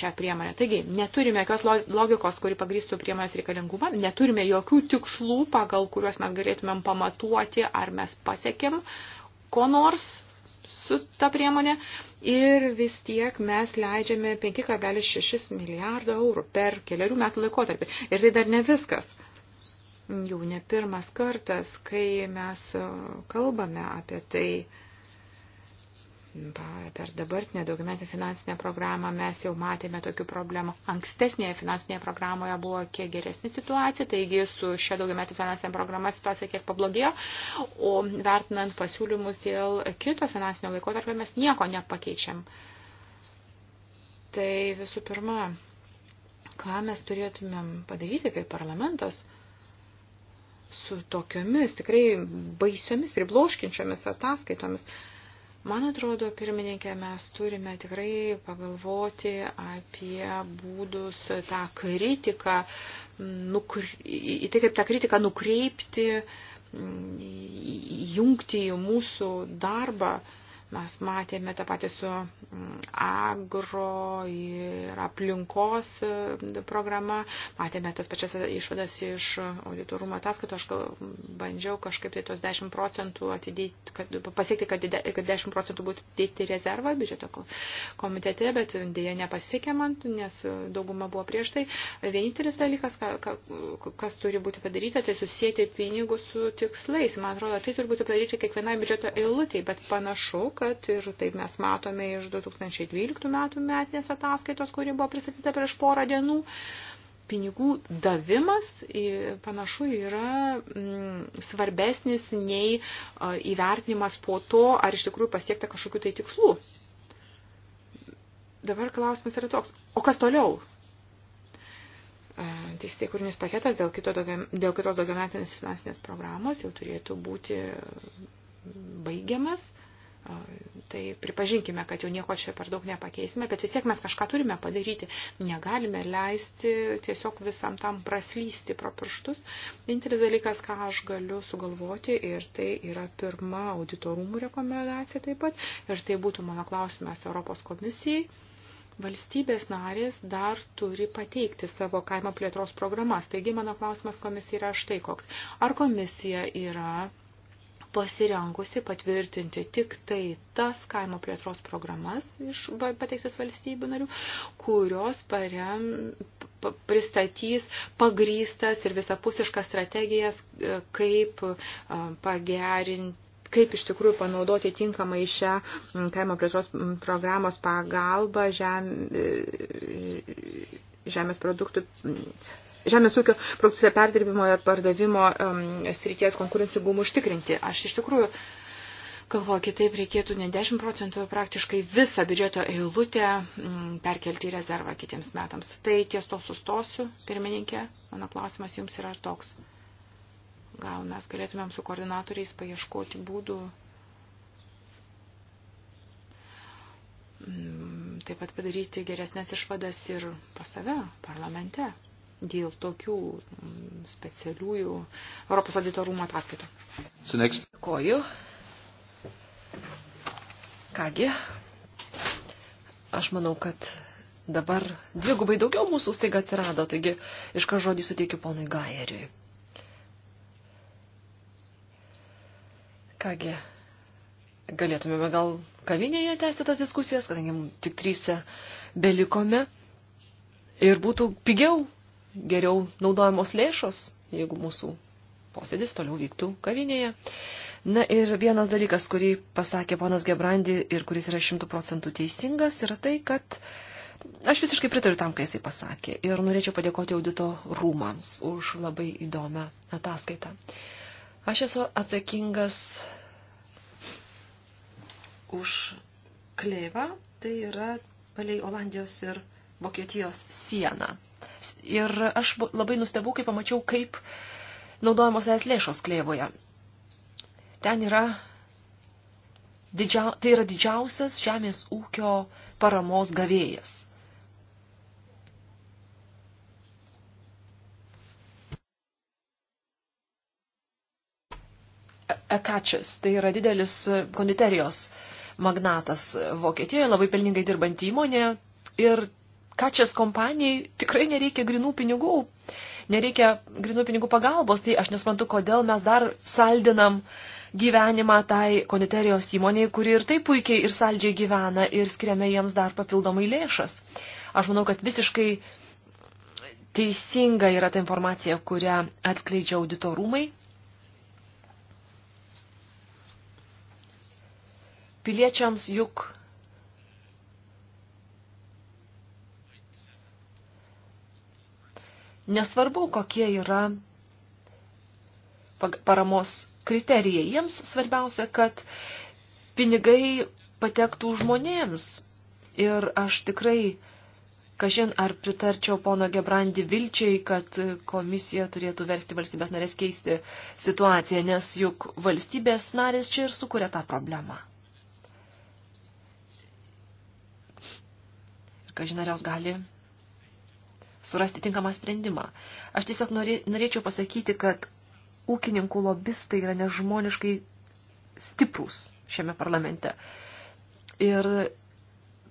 šią priemonę. Taigi neturime jokios logikos, kuri pagristų priemonės reikalingumą, neturime jokių tikslų, pagal kuriuos mes galėtumėm pamatuoti, ar mes pasiekėm ko nors su ta priemonė ir vis tiek mes leidžiame 5,6 milijardo eurų per keliarių metų laikotarpį. Ir tai dar ne viskas. Jau ne pirmas kartas, kai mes kalbame apie tai Per dabartinę daugiametę finansinę programą mes jau matėme tokių problemų. Ankstesnėje finansinėje programoje buvo kiek geresnė situacija, taigi su šia daugiametė finansinė programa situacija kiek pablogėjo, o vertinant pasiūlymus dėl kito finansinio laikotarpio mes nieko nepakeičiam. Tai visų pirma, ką mes turėtumėm padaryti kaip parlamentas su tokiomis tikrai baisiomis, pribloškinčiomis ataskaitomis. Man atrodo, pirmininkė, mes turime tikrai pagalvoti apie būdus tą kritiką, nukre... į tai kaip tą kritiką nukreipti, mm, jungti į mūsų darbą. Mes matėme tą patį su mm, agro ir aplinkos e, programa, matėme tas pačias išvadas iš auditorumo ataskaito, aš bandžiau kažkaip tai tos 10 procentų atidėti, kad, pasiekti, kad, kad 10 procentų būtų dėti rezervą biudžeto komitete, bet dėja nepasiekė man, nes dauguma buvo prieš tai. Vienintelis dalykas, ka, ka, kas turi būti padaryta, tai susijęti pinigus su tikslais. Man atrodo, tai turi būti padaryti kiekvienai biudžeto eilutėje, bet panašu, kad, ir taip mes matome iš 2012 metų metinės ataskaitos, kuri buvo pristatyta prieš porą dienų, pinigų davimas panašu yra mm, svarbesnis nei įvertinimas po to, ar iš tikrųjų pasiekta kažkokiu tai tikslu. Dabar klausimas yra toks, o kas toliau? Teisėkūrinis paketas dėl, kito, dėl kitos daugiametinės finansinės programos jau turėtų būti baigiamas, Tai pripažinkime, kad jau nieko čia per daug nepakeisime, bet vis tiek mes kažką turime padaryti. Negalime leisti tiesiog visam tam praslysti pro pirštus. Vienintelis dalykas, ką aš galiu sugalvoti, ir tai yra pirma auditorumų rekomendacija taip pat, ir tai būtų mano klausimas Europos komisijai valstybės narės dar turi pateikti savo kaimo plėtros programas. Taigi mano klausimas komisija yra štai koks. Ar komisija yra pasirengusi patvirtinti tik tai tas kaimo plėtros programas iš pateiktas valstybių narių, kurios parem, pristatys pagrystas ir visapusiškas strategijas, e, kaip e, pagerinti kaip iš tikrųjų panaudoti tinkamai šią kaimo plėtros programos pagalbą žem, e, žemės produktų žemės ūkio produkcijos perdirbimo ir pardavimo um, srities konkurencingumų užtikrinti. Aš iš tikrųjų galvoju, kitaip reikėtų ne 10 procentų, praktiškai visą biudžeto eilutę um, perkelti į rezervą kitiems metams. Tai ties to sustosiu, pirmininkė. Mano klausimas jums yra toks. Gal mes galėtumėm su koordinatoriais paieškoti būdų. Mm, taip pat padaryti geresnės išvadas ir pas save parlamente dėl tokių mm, specialiųjų Europos auditorumo ataskaitų. Dėkoju. Kągi, aš manau, kad dabar dvigubai daugiau mūsų staiga atsirado, taigi iš ką žodį suteikiu ponui Gaeriui. Kągi, galėtumėme gal kavinėje tęsti tas diskusijas, kadangi tik trysia belikome ir būtų pigiau geriau naudojamos lėšos, jeigu mūsų posėdis toliau vyktų kavinėje. Na ir vienas dalykas, kurį pasakė ponas Gebrandi ir kuris yra šimtų procentų teisingas, yra tai, kad aš visiškai pritariu tam, kai jisai pasakė. Ir norėčiau padėkoti audito rūmams už labai įdomią ataskaitą. Aš esu atsakingas už kleivą, tai yra palei Olandijos ir Vokietijos sieną. Ir aš labai nustebau, kai pamačiau, kaip naudojamos es lėšos klėvoje. Ten yra, didžia, tai yra didžiausias žemės ūkio paramos gavėjas. E-, Ekačias, tai yra didelis konditerijos magnatas Vokietijoje, labai pelningai dirbant įmonė ir kačias kompanijai tikrai nereikia grinų pinigų, nereikia grinų pinigų pagalbos, tai aš nesmantu, kodėl mes dar saldinam gyvenimą tai konditerijos įmoniai, kuri ir taip puikiai ir saldžiai gyvena ir skiriame jiems dar papildomai lėšas. Aš manau, kad visiškai teisinga yra ta informacija, kurią atskleidžia auditorumai. Piliečiams juk Nesvarbu, kokie yra paramos kriterijai. Jiems svarbiausia, kad pinigai patektų žmonėms. Ir aš tikrai, kažin ar pritarčiau pono Gebrandi vilčiai, kad komisija turėtų versti valstybės narės keisti situaciją, nes juk valstybės narės čia ir sukuria tą problemą. Ir kažin ar jos gali surasti tinkamą sprendimą. Aš tiesiog norė, norėčiau pasakyti, kad ūkininkų lobistai yra nežmoniškai stiprūs šiame parlamente. Ir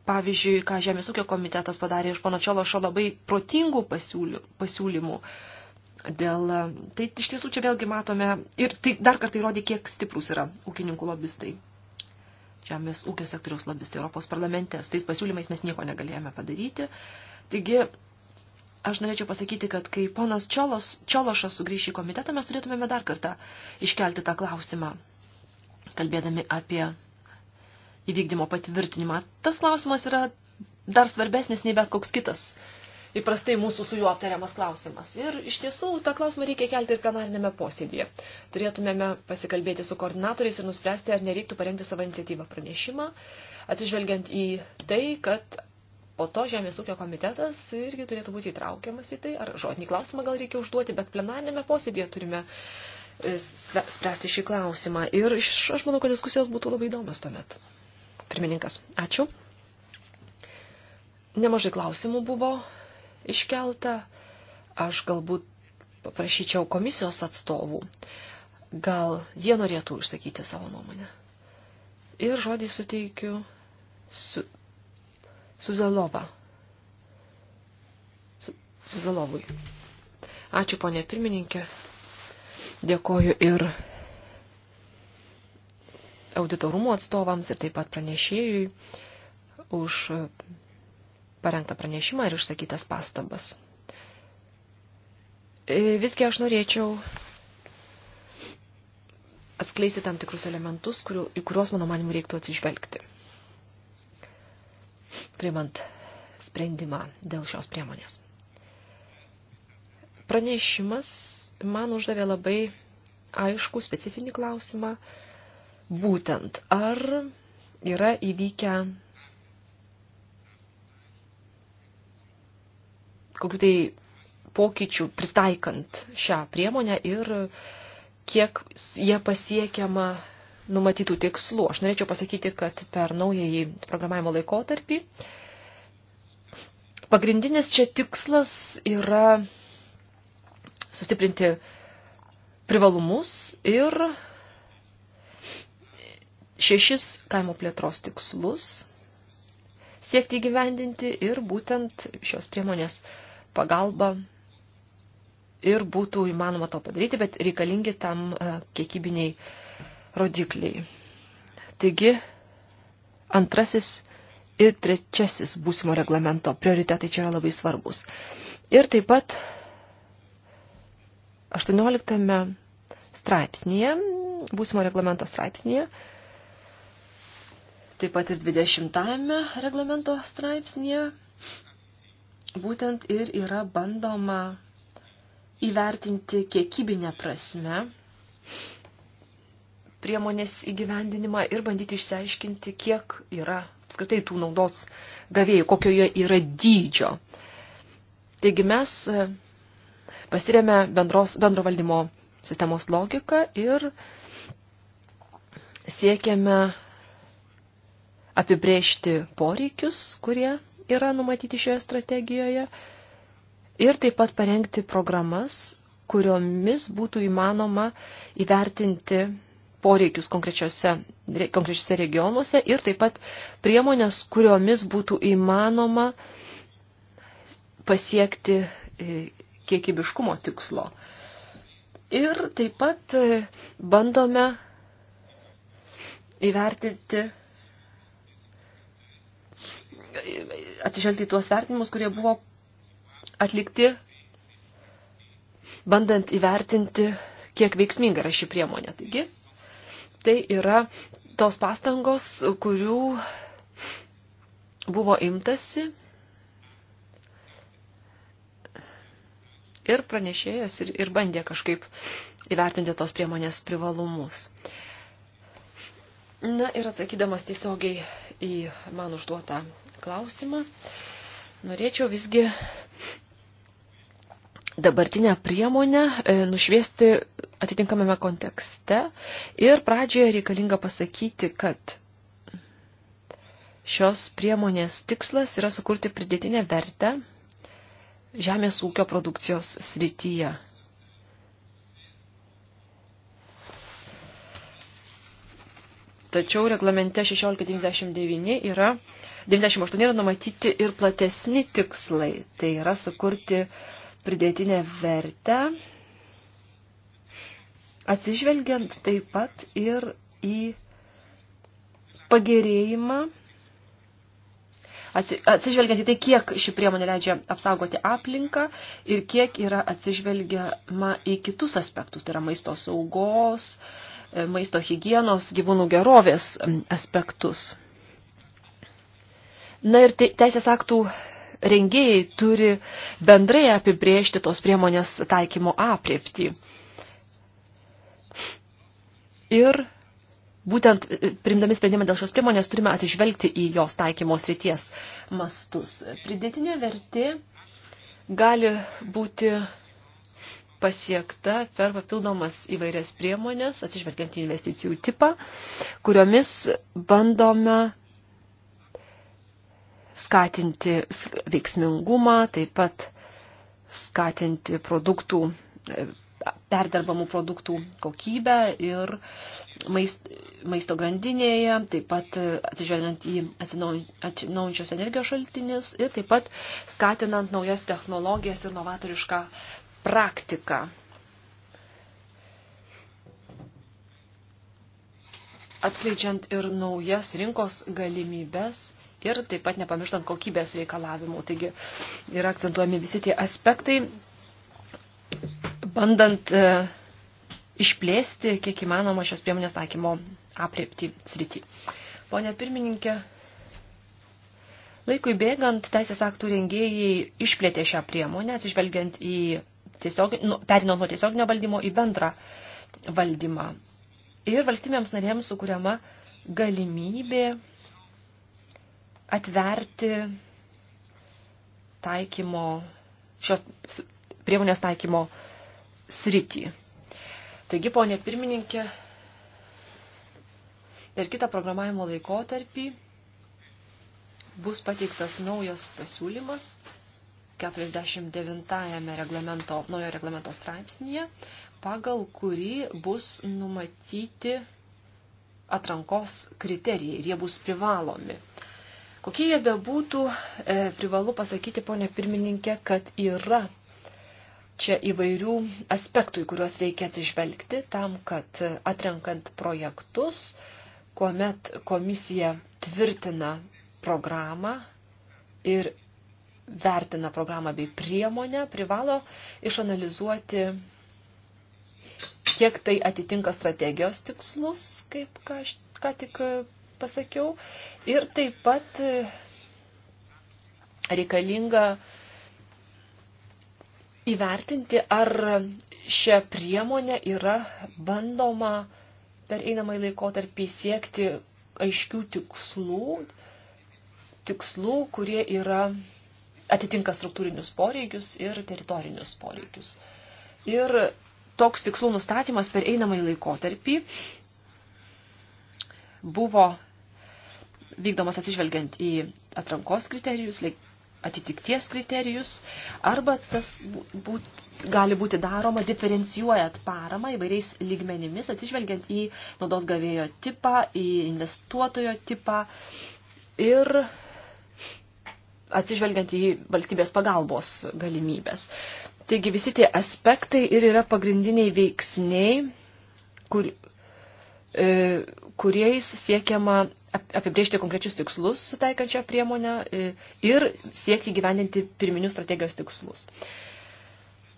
pavyzdžiui, ką Žemės ūkio komitetas padarė iš pono Čiološo labai protingų pasiūlymų. Dėl, tai iš tiesų čia vėlgi matome ir tai dar kartą įrodė, kiek stiprus yra ūkininkų lobistai. Žemės ūkio sektoriaus lobistai Europos parlamente. Su tais pasiūlymais mes nieko negalėjome padaryti. Taigi Aš norėčiau pasakyti, kad kai ponas Čiolos, Čiološas sugrįš į komitetą, mes turėtumėme dar kartą iškelti tą klausimą, kalbėdami apie įvykdymo patvirtinimą. Tas klausimas yra dar svarbesnis nei bet koks kitas įprastai mūsų su juo aptariamas klausimas. Ir iš tiesų tą klausimą reikia kelti ir plenarinėme posėdėje. Turėtumėme pasikalbėti su koordinatoriais ir nuspręsti, ar nereiktų parengti savo iniciatyvą pranešimą, atsižvelgiant į tai, kad Po to Žemės ūkio komitetas irgi turėtų būti įtraukiamas į tai, ar žodinį klausimą gal reikia užduoti, bet plenarinėme posėdėje turime e, spręsti šį klausimą. Ir aš manau, kad diskusijos būtų labai įdomios tuomet. Pirmininkas, ačiū. Nemažai klausimų buvo iškelta. Aš galbūt paprašyčiau komisijos atstovų. Gal jie norėtų išsakyti savo nuomonę. Ir žodį suteikiu su Suzalova. Suzalovui. Ačiū, ponė pirmininkė. Dėkoju ir auditorumo atstovams ir taip pat pranešėjui už parengtą pranešimą ir išsakytas pastabas. E, visgi aš norėčiau atskleisti tam tikrus elementus, kuriu, į kuriuos, mano manimu, reiktų atsižvelgti primant sprendimą dėl šios priemonės. Pranešimas man uždavė labai aišku specifinį klausimą, būtent ar yra įvykę kokiu tai pokyčių pritaikant šią priemonę ir kiek jie pasiekiama numatytų tikslų. Aš norėčiau pasakyti, kad per naująjį programavimo laikotarpį pagrindinis čia tikslas yra sustiprinti privalumus ir šešis kaimo plėtros tikslus siekti įgyvendinti ir būtent šios priemonės pagalba ir būtų įmanoma to padaryti, bet reikalingi tam e, kiekybiniai uh, rodikliai. Taigi, antrasis ir trečiasis būsimo reglamento prioritetai čia yra labai svarbus. Ir taip pat 18 straipsnėje, būsimo reglamento straipsnėje, taip pat ir 20 reglamento straipsnėje, būtent ir yra bandoma įvertinti kiekybinę prasme priemonės įgyvendinimą ir bandyti išsiaiškinti, kiek yra apskritai tų naudos gavėjų, kokioje yra dydžio. Taigi mes e, pasiremė bendros, bendro valdymo sistemos logiką ir siekiame apibrėžti poreikius, kurie yra numatyti šioje strategijoje ir taip pat parengti programas, kuriomis būtų įmanoma įvertinti poreikius konkrečiose, konkrečiose regionuose ir taip pat priemonės, kuriomis būtų įmanoma pasiekti e, kiekybiškumo tikslo. Ir taip pat e, bandome įvertinti, atsižvelgti tuos vertinimus, kurie buvo atlikti, bandant įvertinti, kiek veiksminga yra ši priemonė. Taigi, Tai yra tos pastangos, kurių buvo imtasi ir pranešėjas ir, ir bandė kažkaip įvertinti tos priemonės privalumus. Na ir atsakydamas tiesiogiai į man užduotą klausimą, norėčiau visgi dabartinę priemonę e, nušviesti atitinkamame kontekste ir pradžioje reikalinga pasakyti, kad šios priemonės tikslas yra sukurti pridėtinę vertę žemės ūkio produkcijos srityje. Tačiau reglamente 1699 yra 98 yra numatyti ir platesni tikslai. Tai yra sukurti pridėtinę vertę, atsižvelgiant taip pat ir į pagerėjimą, atsižvelgiant į tai, kiek ši priemonė leidžia apsaugoti aplinką ir kiek yra atsižvelgiama į kitus aspektus, tai yra maisto saugos, e, maisto higienos, gyvūnų gerovės aspektus. Na ir teisės aktų rengėjai turi bendrai apibrėžti tos priemonės taikymo apriepti. Ir būtent e, primdami sprendimą dėl šios priemonės turime atsižvelgti į jos taikymo srities mastus. Pridėtinė vertė gali būti pasiekta per papildomas įvairias priemonės, atsižvelgiant į investicijų tipą, kuriomis bandome skatinti veiksmingumą, taip pat skatinti produktų, e, perdarbamų produktų kokybę ir maisto grandinėje, taip pat e, atsižvelgiant į atsinaujančios energijos šaltinius ir taip pat skatinant naujas technologijas ir novatorišką praktiką. Atskleidžiant ir naujas rinkos galimybės ir taip pat nepamirštant kokybės reikalavimų. Taigi yra akcentuojami visi tie aspektai, bandant e, išplėsti kiek įmanoma šios priemonės taikymo apriepti srity. Pone pirmininkė, laikui bėgant teisės aktų rengėjai išplėtė šią priemonę, atsižvelgiant į tiesiog, nu, perinant nuo tiesioginio valdymo į bendrą valdymą. Ir valstybėms narėms sukūriama galimybė atverti taikymo, šios priemonės taikymo sritį. Taigi, ponė pirmininkė, per kitą programavimo laikotarpį bus pateiktas naujas pasiūlymas 49 reglamento, naujo reglamento straipsnėje, pagal kurį bus numatyti atrankos kriterijai ir jie bus privalomi. Kokie jie bebūtų, e, privalu pasakyti, ponė pirmininkė, kad yra čia įvairių aspektų, į kuriuos reikia atsižvelgti tam, kad e, atrenkant projektus, kuomet komisija tvirtina programą ir vertina programą bei priemonę, privalo išanalizuoti, kiek tai atitinka strategijos tikslus, kaip ką, ką tik e, pasakiau. Ir taip pat e, reikalinga įvertinti, ar šią priemonę yra bandoma per einamąjį laikotarpį siekti aiškių tikslų, tikslų, kurie yra atitinka struktūrinius poreikius ir teritorinius poreikius. Ir toks tikslų nustatymas per einamąjį laikotarpį buvo vykdomas atsižvelgiant į atrankos kriterijus, atitikties kriterijus, arba tas būt, gali būti daroma diferencijuojant paramą įvairiais lygmenimis, atsižvelgiant į naudos gavėjo tipą, į investuotojo tipą ir atsižvelgiant į valstybės pagalbos galimybės. Taigi visi tie aspektai ir yra pagrindiniai veiksniai, kur, E, kuriais siekiama apibriežti konkrečius tikslus sutaikančią priemonę e, ir siekti gyveninti pirminius strategijos tikslus.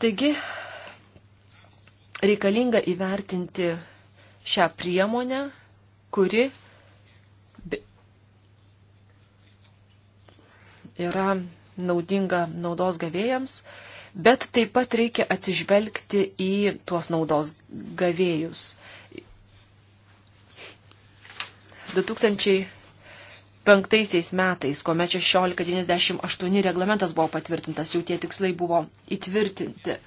Taigi, reikalinga įvertinti šią priemonę, kuri yra naudinga naudos gavėjams, bet taip pat reikia atsižvelgti į tuos naudos gavėjus 2005 metais, kuomet 1698 reglamentas buvo patvirtintas, jau tie tikslai buvo įtvirtinti.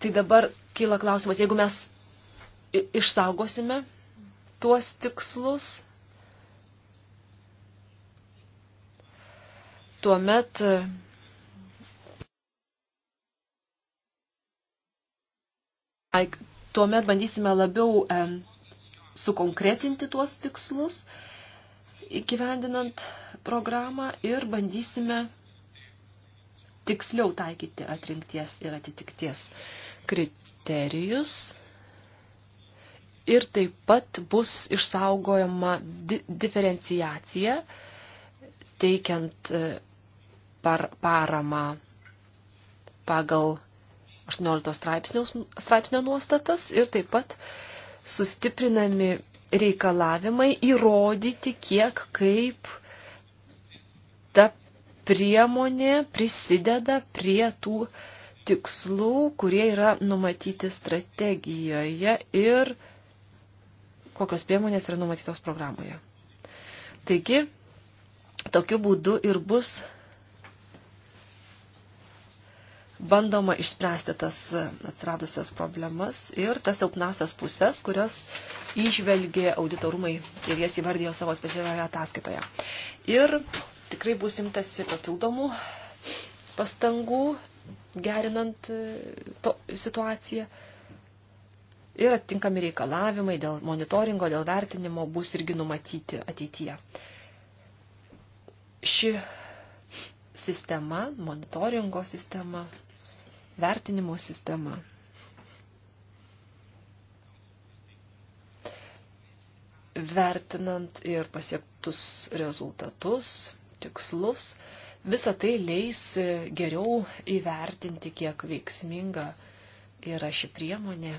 Tai dabar kyla klausimas, jeigu mes išsaugosime tuos tikslus, tuomet tuomet bandysime labiau sukonkretinti tuos tikslus, įgyvendinant programą ir bandysime tiksliau taikyti atrinkties ir atitikties kriterijus. Ir taip pat bus išsaugojama di diferenciacija, teikiant e, par paramą pagal 18 straipsnio nuostatas ir taip pat uh, sustiprinami reikalavimai įrodyti, kiek kaip ta priemonė prisideda prie tų tikslų, kurie yra numatyti strategijoje ir kokios priemonės yra numatytos programoje. Taigi, tokiu būdu ir bus bandoma išspręsti tas atsiradusias problemas ir tas silpnasias pusės, kurios išvelgė auditorumai ir jas įvardėjo savo specialioje ataskaitoje. Ir tikrai bus imtasi papildomų pastangų gerinant e, to, situaciją. Ir atitinkami reikalavimai dėl monitoringo, dėl vertinimo bus irgi numatyti ateityje. Ši sistema, monitoringo sistema, vertinimo sistema. Vertinant ir pasiektus rezultatus, tikslus, visa tai leis geriau įvertinti, kiek veiksminga yra ši priemonė,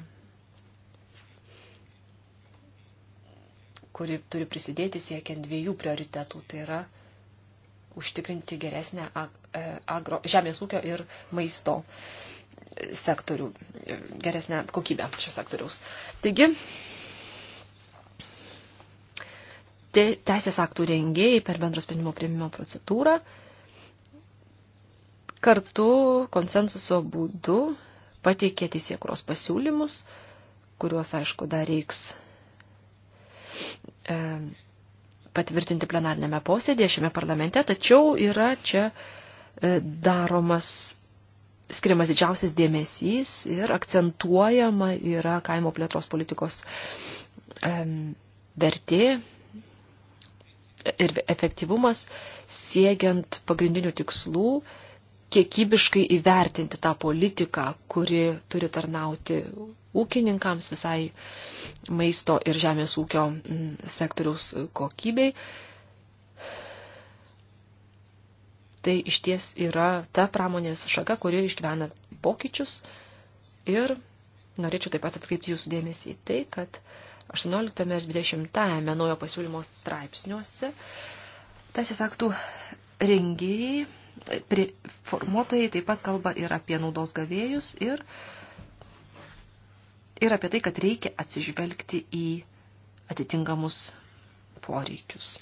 kuri turi prisidėti siekiant dviejų prioritetų. Tai yra užtikrinti geresnę e, agro, žemės ūkio ir maisto sektorių, e, geresnę kokybę šio sektoriaus. Taigi, teisės aktų rengėjai per bendro sprendimo prieimimo procedūrą kartu konsensuso būdu pateikė teisėkuros pasiūlymus, kuriuos, aišku, dar reiks e, patvirtinti plenarnėme posėdėje šiame parlamente, tačiau yra čia e, daromas skiriamas didžiausias dėmesys ir akcentuojama yra kaimo plėtros politikos vertė ir efektyvumas siekiant pagrindinių tikslų kiekybiškai įvertinti tą politiką, kuri turi tarnauti ūkininkams visai maisto ir žemės ūkio mm, sektoriaus kokybei. Tai iš ties yra ta pramonės šaka, kuri išgyvena pokyčius ir norėčiau taip pat atkreipti jūsų dėmesį į tai, kad 18 ir 20 naujo pasiūlymo straipsniuose teisės aktų rengėjai formuotojai taip pat kalba ir apie naudos gavėjus ir, ir apie tai, kad reikia atsižvelgti į atitinkamus poreikius.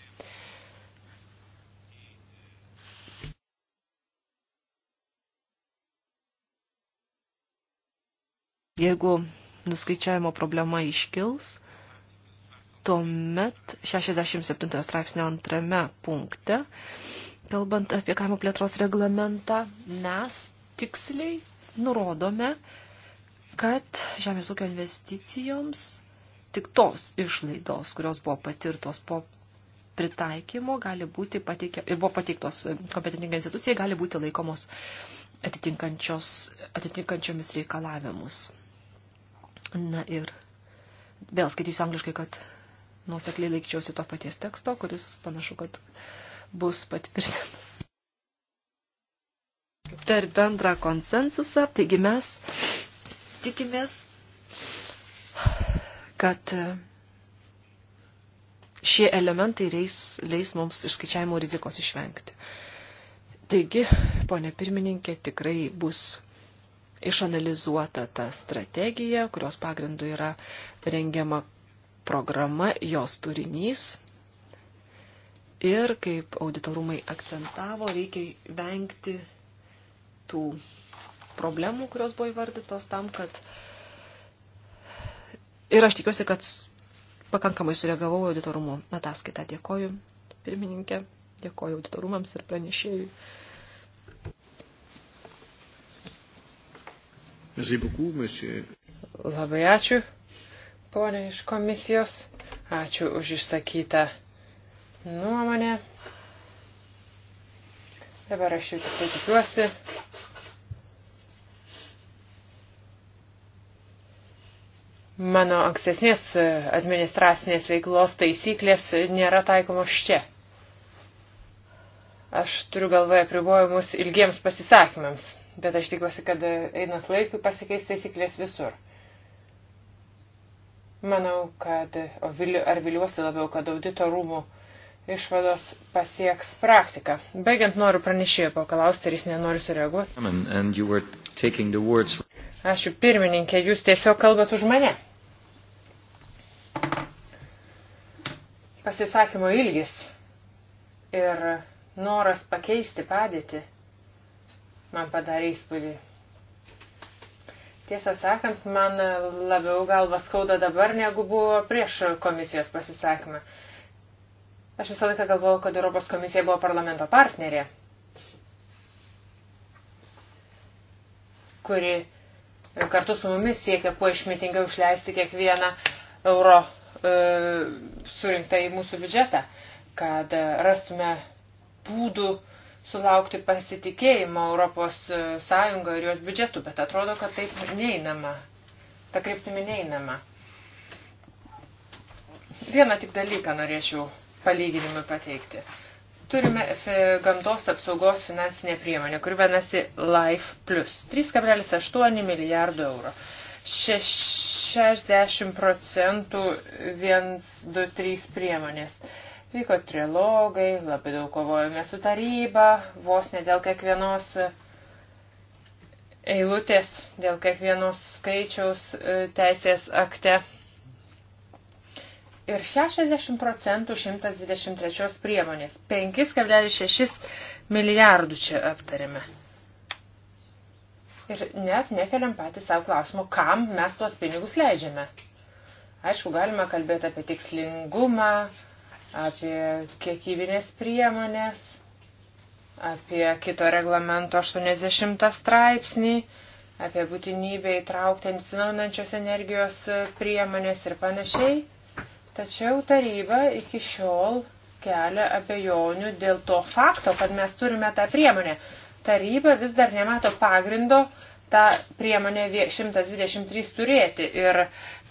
Jeigu nuskaičiavimo problema iškils, tuomet 67 straipsnio antrame punkte kalbant apie kaimo plėtros reglamentą, mes tiksliai nurodome, kad žemės ūkio investicijoms tik tos išlaidos, kurios buvo patirtos po pritaikymo, gali būti pateikia, buvo pateiktos e, kompetentingai institucijai, gali būti laikomos atitinkančiomis reikalavimus. Na ir vėl skaitysiu angliškai, kad nuosekliai laikčiausi to paties teksto, kuris panašu, kad uh, bus patvirtinta. Per bendrą konsensusą, taigi mes tikimės, kad e, šie elementai leis, leis mums išskaičiavimo rizikos išvengti. Taigi, ponė pirmininkė, tikrai bus išanalizuota ta strategija, kurios pagrindu yra rengiama programa, jos turinys Ir, kaip auditorumai akcentavo, reikia vengti tų problemų, kurios buvo įvardytos tam, kad ir aš tikiuosi, kad pakankamai sureagavau auditorumų ataskaitą. Dėkoju pirmininkė, dėkoju auditorumams ir pranešėjui. Labai ačiū, ponė iš komisijos. Ačiū už išsakytą nuomonę. Dabar aš jau tik tai tikiuosi. Mano ankstesnės administracinės veiklos taisyklės nėra taikomos čia. Aš turiu galvoje pribojimus ilgiems pasisakymams, bet aš tikiuosi, kad einant laikui pasikeis taisyklės visur. Manau, kad, ar viliuosi labiau, kad audito rūmų uh, išvados pasieks praktiką. Baigiant noriu pranešėjo paklausti, ar jis nenori sureaguoti. Ačiū pirmininkė, jūs tiesiog kalbat už mane. Pasisakymo ilgis ir noras pakeisti padėtį man padarė įspūdį. Tiesą sakant, man labiau galvas skauda dabar, negu buvo prieš komisijos pasisakymą. Aš visą laiką galvojau, kad Europos komisija buvo parlamento partnerė, kuri kartu su mumis siekia kuo išmitingiau išleisti kiekvieną euro e, surinktą į mūsų biudžetą, kad rastume būdų sulaukti pasitikėjimo Europos e, Sąjungą ir jos biudžetų, bet atrodo, kad taip neįnama. Ta kryptimi neįnama. Vieną tik dalyką norėčiau palyginimui pateikti. Turime gamtos apsaugos finansinę priemonę, kuri vadinasi Life Plus 3,8 milijardų eurų. 60 procentų 123 priemonės. Vyko trilogai, labai daug kovojome su taryba, vos ne dėl kiekvienos e, eilutės, dėl kiekvienos skaičiaus e, teisės akte ir 60 procentų 123 priemonės. 5,6 milijardų čia aptarėme. Ir net nekeliam patys savo klausimo, kam mes tuos pinigus leidžiame. Aišku, galime kalbėti apie tikslingumą, apie kiekybinės priemonės, apie kito reglamento 80 straipsnį, apie būtinybę įtraukti atsinaujinančios energijos priemonės ir panašiai. Tačiau taryba iki šiol kelia abejonių dėl to fakto, kad mes turime tą priemonę. Taryba vis dar nemato pagrindo tą priemonę 123 turėti ir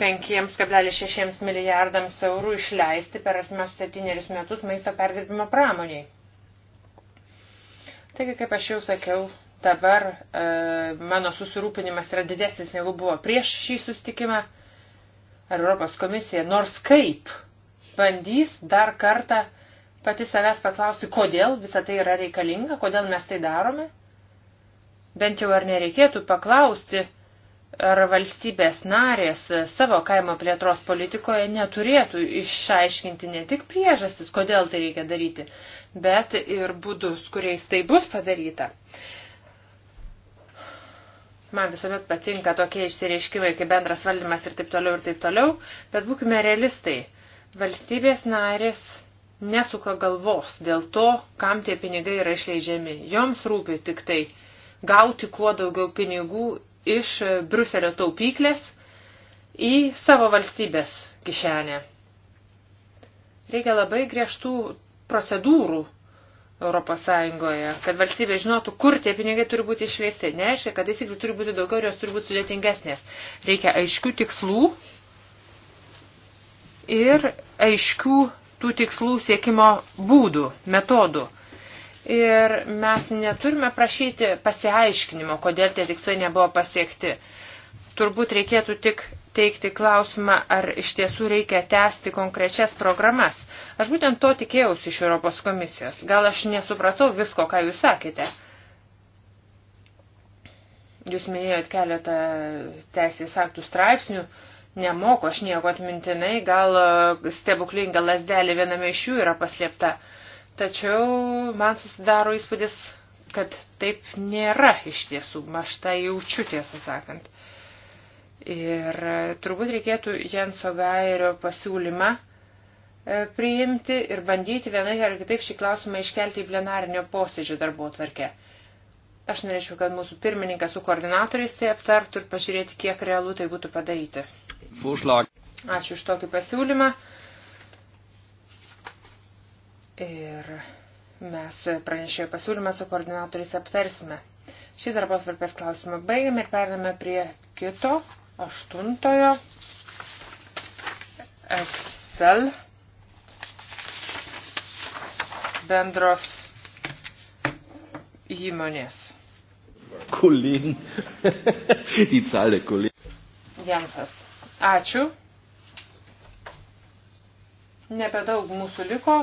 5,6 milijardams eurų išleisti per artimiausius septynerius metus maisto perdirbimo pramoniai. Taigi, kaip aš jau sakiau, dabar e, mano susirūpinimas yra didesnis negu buvo prieš šį sustikimą ar Europos komisija nors kaip bandys dar kartą pati savęs paklausti, kodėl visa tai yra reikalinga, kodėl mes tai darome? Bent jau ar nereikėtų paklausti, ar valstybės narės savo kaimo plėtros politikoje neturėtų išaiškinti ne tik priežastis, kodėl tai reikia daryti, bet ir būdus, kuriais tai bus padaryta. Man visuomet patinka tokie išsireiškimai kaip bendras valdymas ir taip toliau ir taip toliau, bet būkime realistai. Valstybės narės nesuka galvos dėl to, kam tie pinigai yra išleidžiami. Joms rūpi tik tai gauti kuo daugiau pinigų iš Bruselio taupyklės į savo valstybės kišenę. Reikia labai griežtų procedūrų Europos Sąjungoje, kad valstybė žinotų, kur tie pinigai turi būti išleisti. Neaiškia, kad taisyklių turi būti daugiau ir jos turi būti sudėtingesnės. Reikia aiškių tikslų ir aiškių tų tikslų siekimo būdų, metodų. Ir mes neturime prašyti pasiaiškinimo, kodėl tie tikslai nebuvo pasiekti. Turbūt reikėtų tik teikti klausimą, ar iš tiesų reikia tęsti konkrečias programas. Aš būtent to tikėjausi iš Europos komisijos. Gal aš nesupratau visko, ką jūs sakėte. Jūs minėjot keletą teisės aktų straipsnių. Nemoku aš nieko atmintinai, gal e, stebuklinga lasdelė viename iš jų yra paslėpta. Tačiau man susidaro įspūdis, kad taip nėra iš tiesų. Aš tą jaučiu, tiesą sakant. Ir turbūt reikėtų Jenso Gairio pasiūlymą e, priimti ir bandyti vienai ar kitaip šį klausimą iškelti į plenarinio posėdžio darbo tvarkę. Aš norėčiau, kad mūsų pirmininkas su koordinatoriais tai aptartų ir pažiūrėti, kiek realu tai būtų padaryti. Fušlag. Ačiū už tokį pasiūlymą. Ir mes pranešėjo pasiūlymą su koordinatoriais aptarsime. Šį darbos varpės klausimą baigiam ir perdame prie kito aštuntojo Excel bendros įmonės. Kollegen. *laughs* Die Zahl der Kollegen. Jansas. Ačiū. Nebedaug mūsų liko,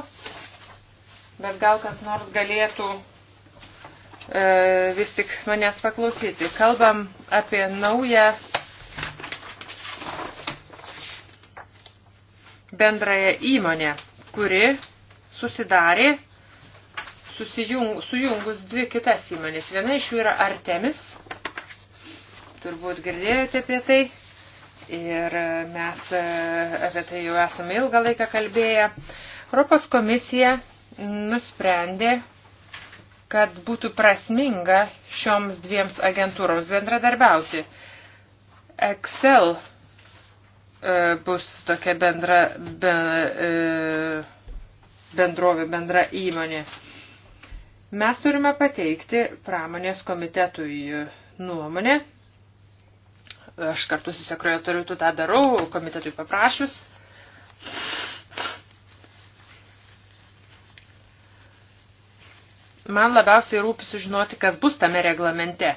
bet gal kas nors galėtų e, vis tik manęs paklausyti. Kalbam apie naują bendrąją įmonę, kuri susidarė susijung, sujungus dvi kitas įmonės. Viena iš jų yra Artemis, turbūt girdėjote apie tai ir e, mes e, apie tai jau esame ilgą laiką kalbėję. Europos komisija nusprendė, kad būtų prasminga šioms dviems agentūroms bendradarbiauti. Excel E, bus tokia bendra be, e, bendrovė, bendra įmonė. Mes turime pateikti pramonės komitetui nuomonę. Aš kartu su sekretoriu tą darau, komitetui paprašus. Man labiausiai rūpi sužinoti, kas bus tame reglamente,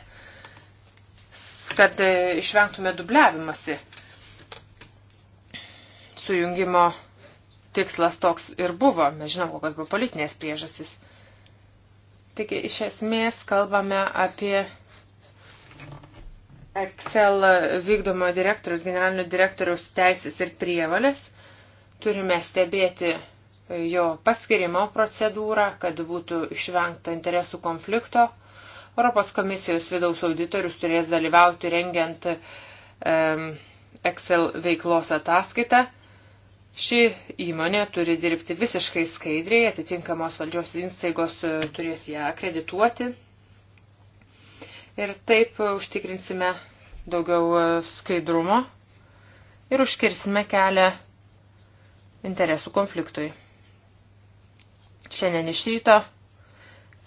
kad išvengtume dubliavimuose sujungimo tikslas toks ir buvo. Mes žinom, kokios buvo politinės priežasis. Taigi, iš esmės, kalbame apie Excel vykdomo direktorius, generalinio direktoriaus teisės ir prievalės. Turime stebėti jo paskirimo procedūrą, kad būtų išvengta interesų konflikto. Europos komisijos vidaus auditorius turės dalyvauti rengiant um, Excel veiklos ataskaitą. Ši įmonė turi dirbti visiškai skaidriai, atitinkamos valdžios įstaigos e, turės ją akredituoti. Ir taip užtikrinsime daugiau e, skaidrumo ir užkirsime kelią interesų konfliktui. Šiandien iš ryto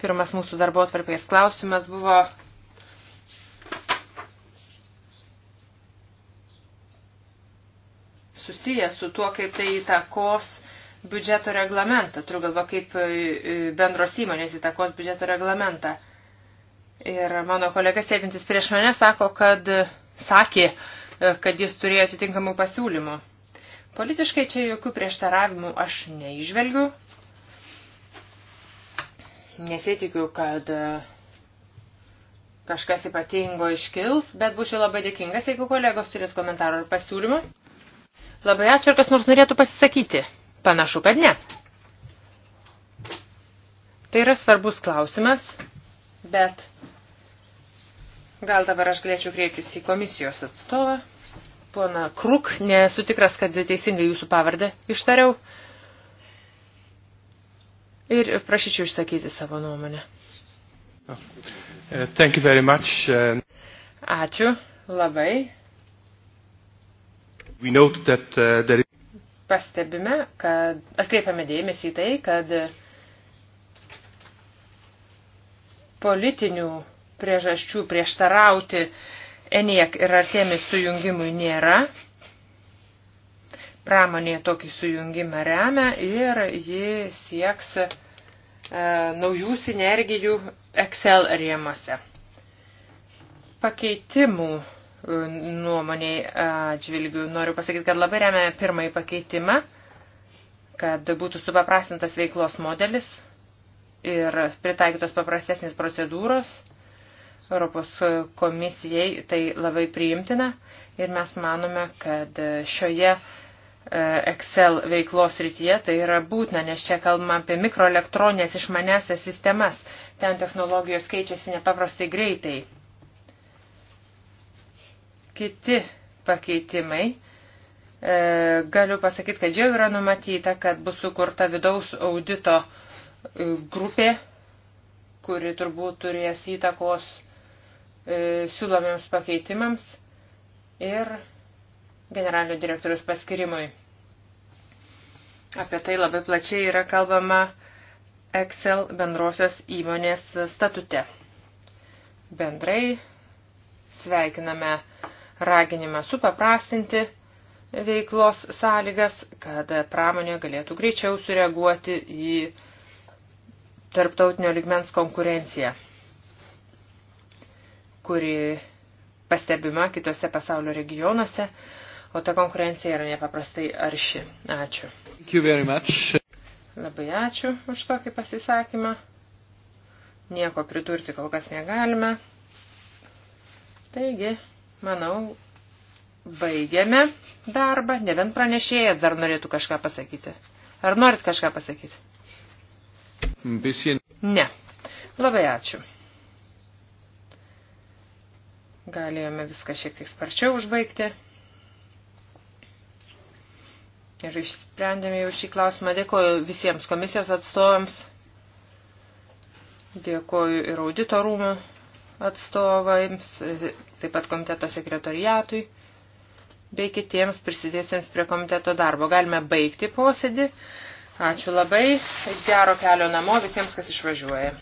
pirmas mūsų darbo atvarkės klausimas buvo susijęs su tuo, kaip tai įtakos biudžeto reglamentą. Turiu galvo, kaip e, e, bendros įmonės įtakos biudžeto reglamentą. Ir mano kolega sėdintis prieš mane sako, kad sakė, e, kad jis turėjo atitinkamų pasiūlymų. Politiškai čia jokių prieštaravimų aš neižvelgiu. Nesitikiu, kad kažkas ypatingo iškils, bet būčiau labai dėkingas, jeigu kolegos turėt komentarų ar pasiūlymų. Labai ačiū, ar kas nors norėtų pasisakyti. Panašu, kad ne. Tai yra svarbus klausimas, bet gal dabar aš galėčiau kreiptis į komisijos atstovą. Pona Kruk, nesu tikras, kad teisingai jūsų pavardę ištariau. Ir prašyčiau išsakyti savo nuomonę. Thank you very much. Uh, ačiū labai. That, uh, there... Pastebime, kad atkreipiame dėmesį į tai, kad politinių priežasčių prieštarauti ENIAC ir Artemis sujungimui nėra. Pramonė tokį sujungimą remia ir ji sieks e, naujų sinergijų Excel rėmose. Pakeitimų nuomoniai atžvilgių. Noriu pasakyti, kad labai remiame pirmąjį pakeitimą, kad būtų supaprastintas veiklos modelis ir pritaikytos paprastesnės procedūros. Europos komisijai tai labai priimtina ir mes manome, kad šioje e, Excel veiklos rytyje tai yra būtina, nes čia kalbama apie mikroelektroninės išmanesias sistemas. Ten technologijos keičiasi nepaprastai greitai kiti pakeitimai. E, galiu pasakyti, kad jau yra numatyta, kad bus sukurta vidaus audito e, grupė, kuri turbūt turės įtakos e, siūlomiams pakeitimams ir generalinio direktorius paskirimui. Apie tai labai plačiai yra kalbama Excel bendrosios įmonės statute. Bendrai sveikiname uh, raginimą supaprastinti veiklos sąlygas, kad pramonė galėtų greičiau sureaguoti į tarptautinio ligmens konkurenciją, kuri pastebima kitose pasaulio regionuose, o ta konkurencija yra nepaprastai arši. Ačiū. Labai ačiū už tokį pasisakymą. Nieko pridurti kol kas negalime. Taigi. Manau, baigiame darbą, ne bent pranešėjas dar norėtų kažką pasakyti. Ar norit kažką pasakyti? Bisie... Ne. Labai ačiū. Galėjome viską šiek tiek sparčiau užbaigti. Ir išsprendėme jau šį klausimą. Dėkoju visiems komisijos atstovams. Dėkoju ir auditorumui atstovams, taip pat komiteto sekretoriatui bei kitiems prisidėsiams prie komiteto darbo. Galime baigti posėdį. Ačiū labai. Gero kelio namo visiems, kas išvažiuoja.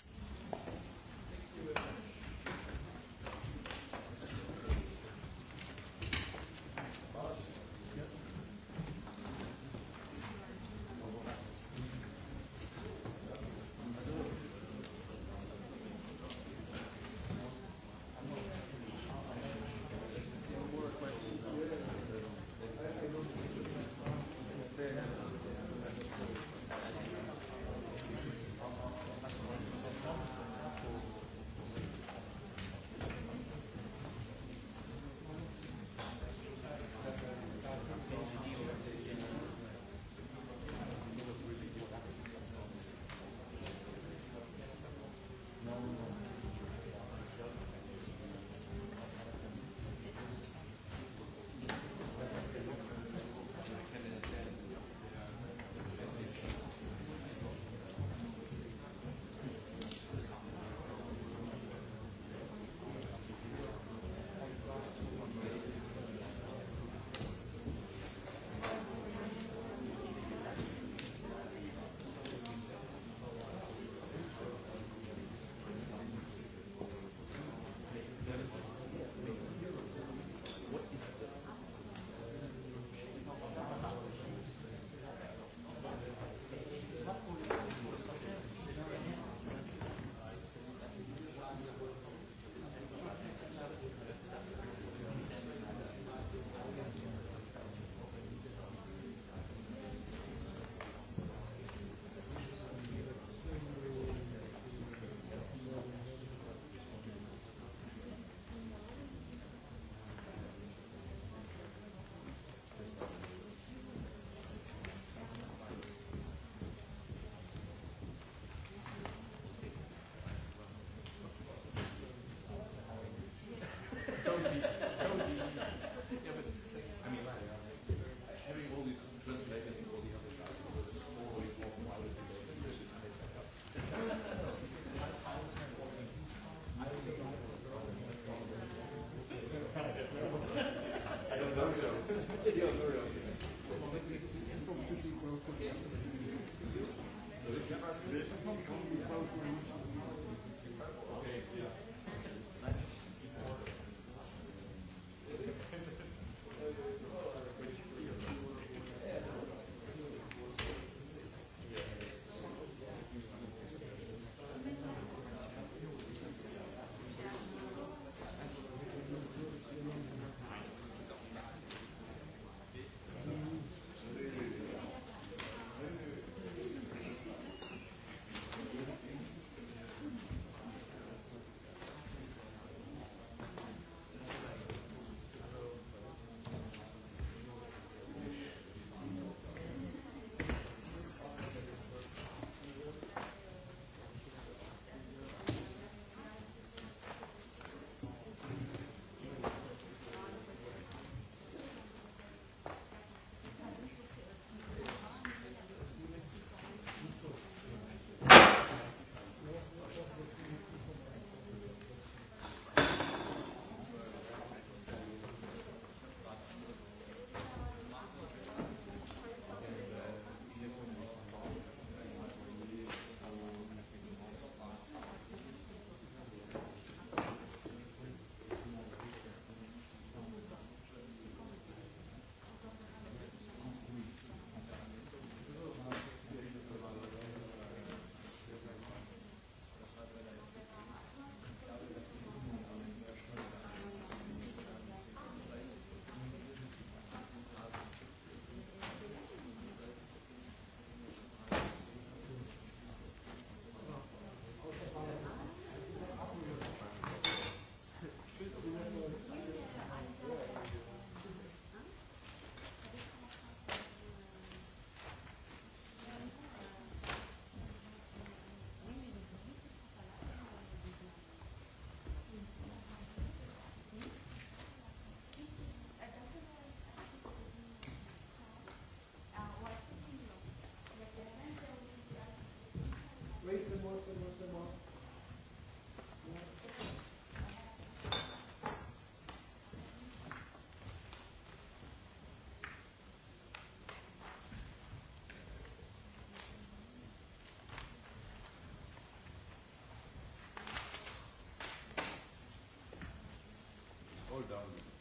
all down.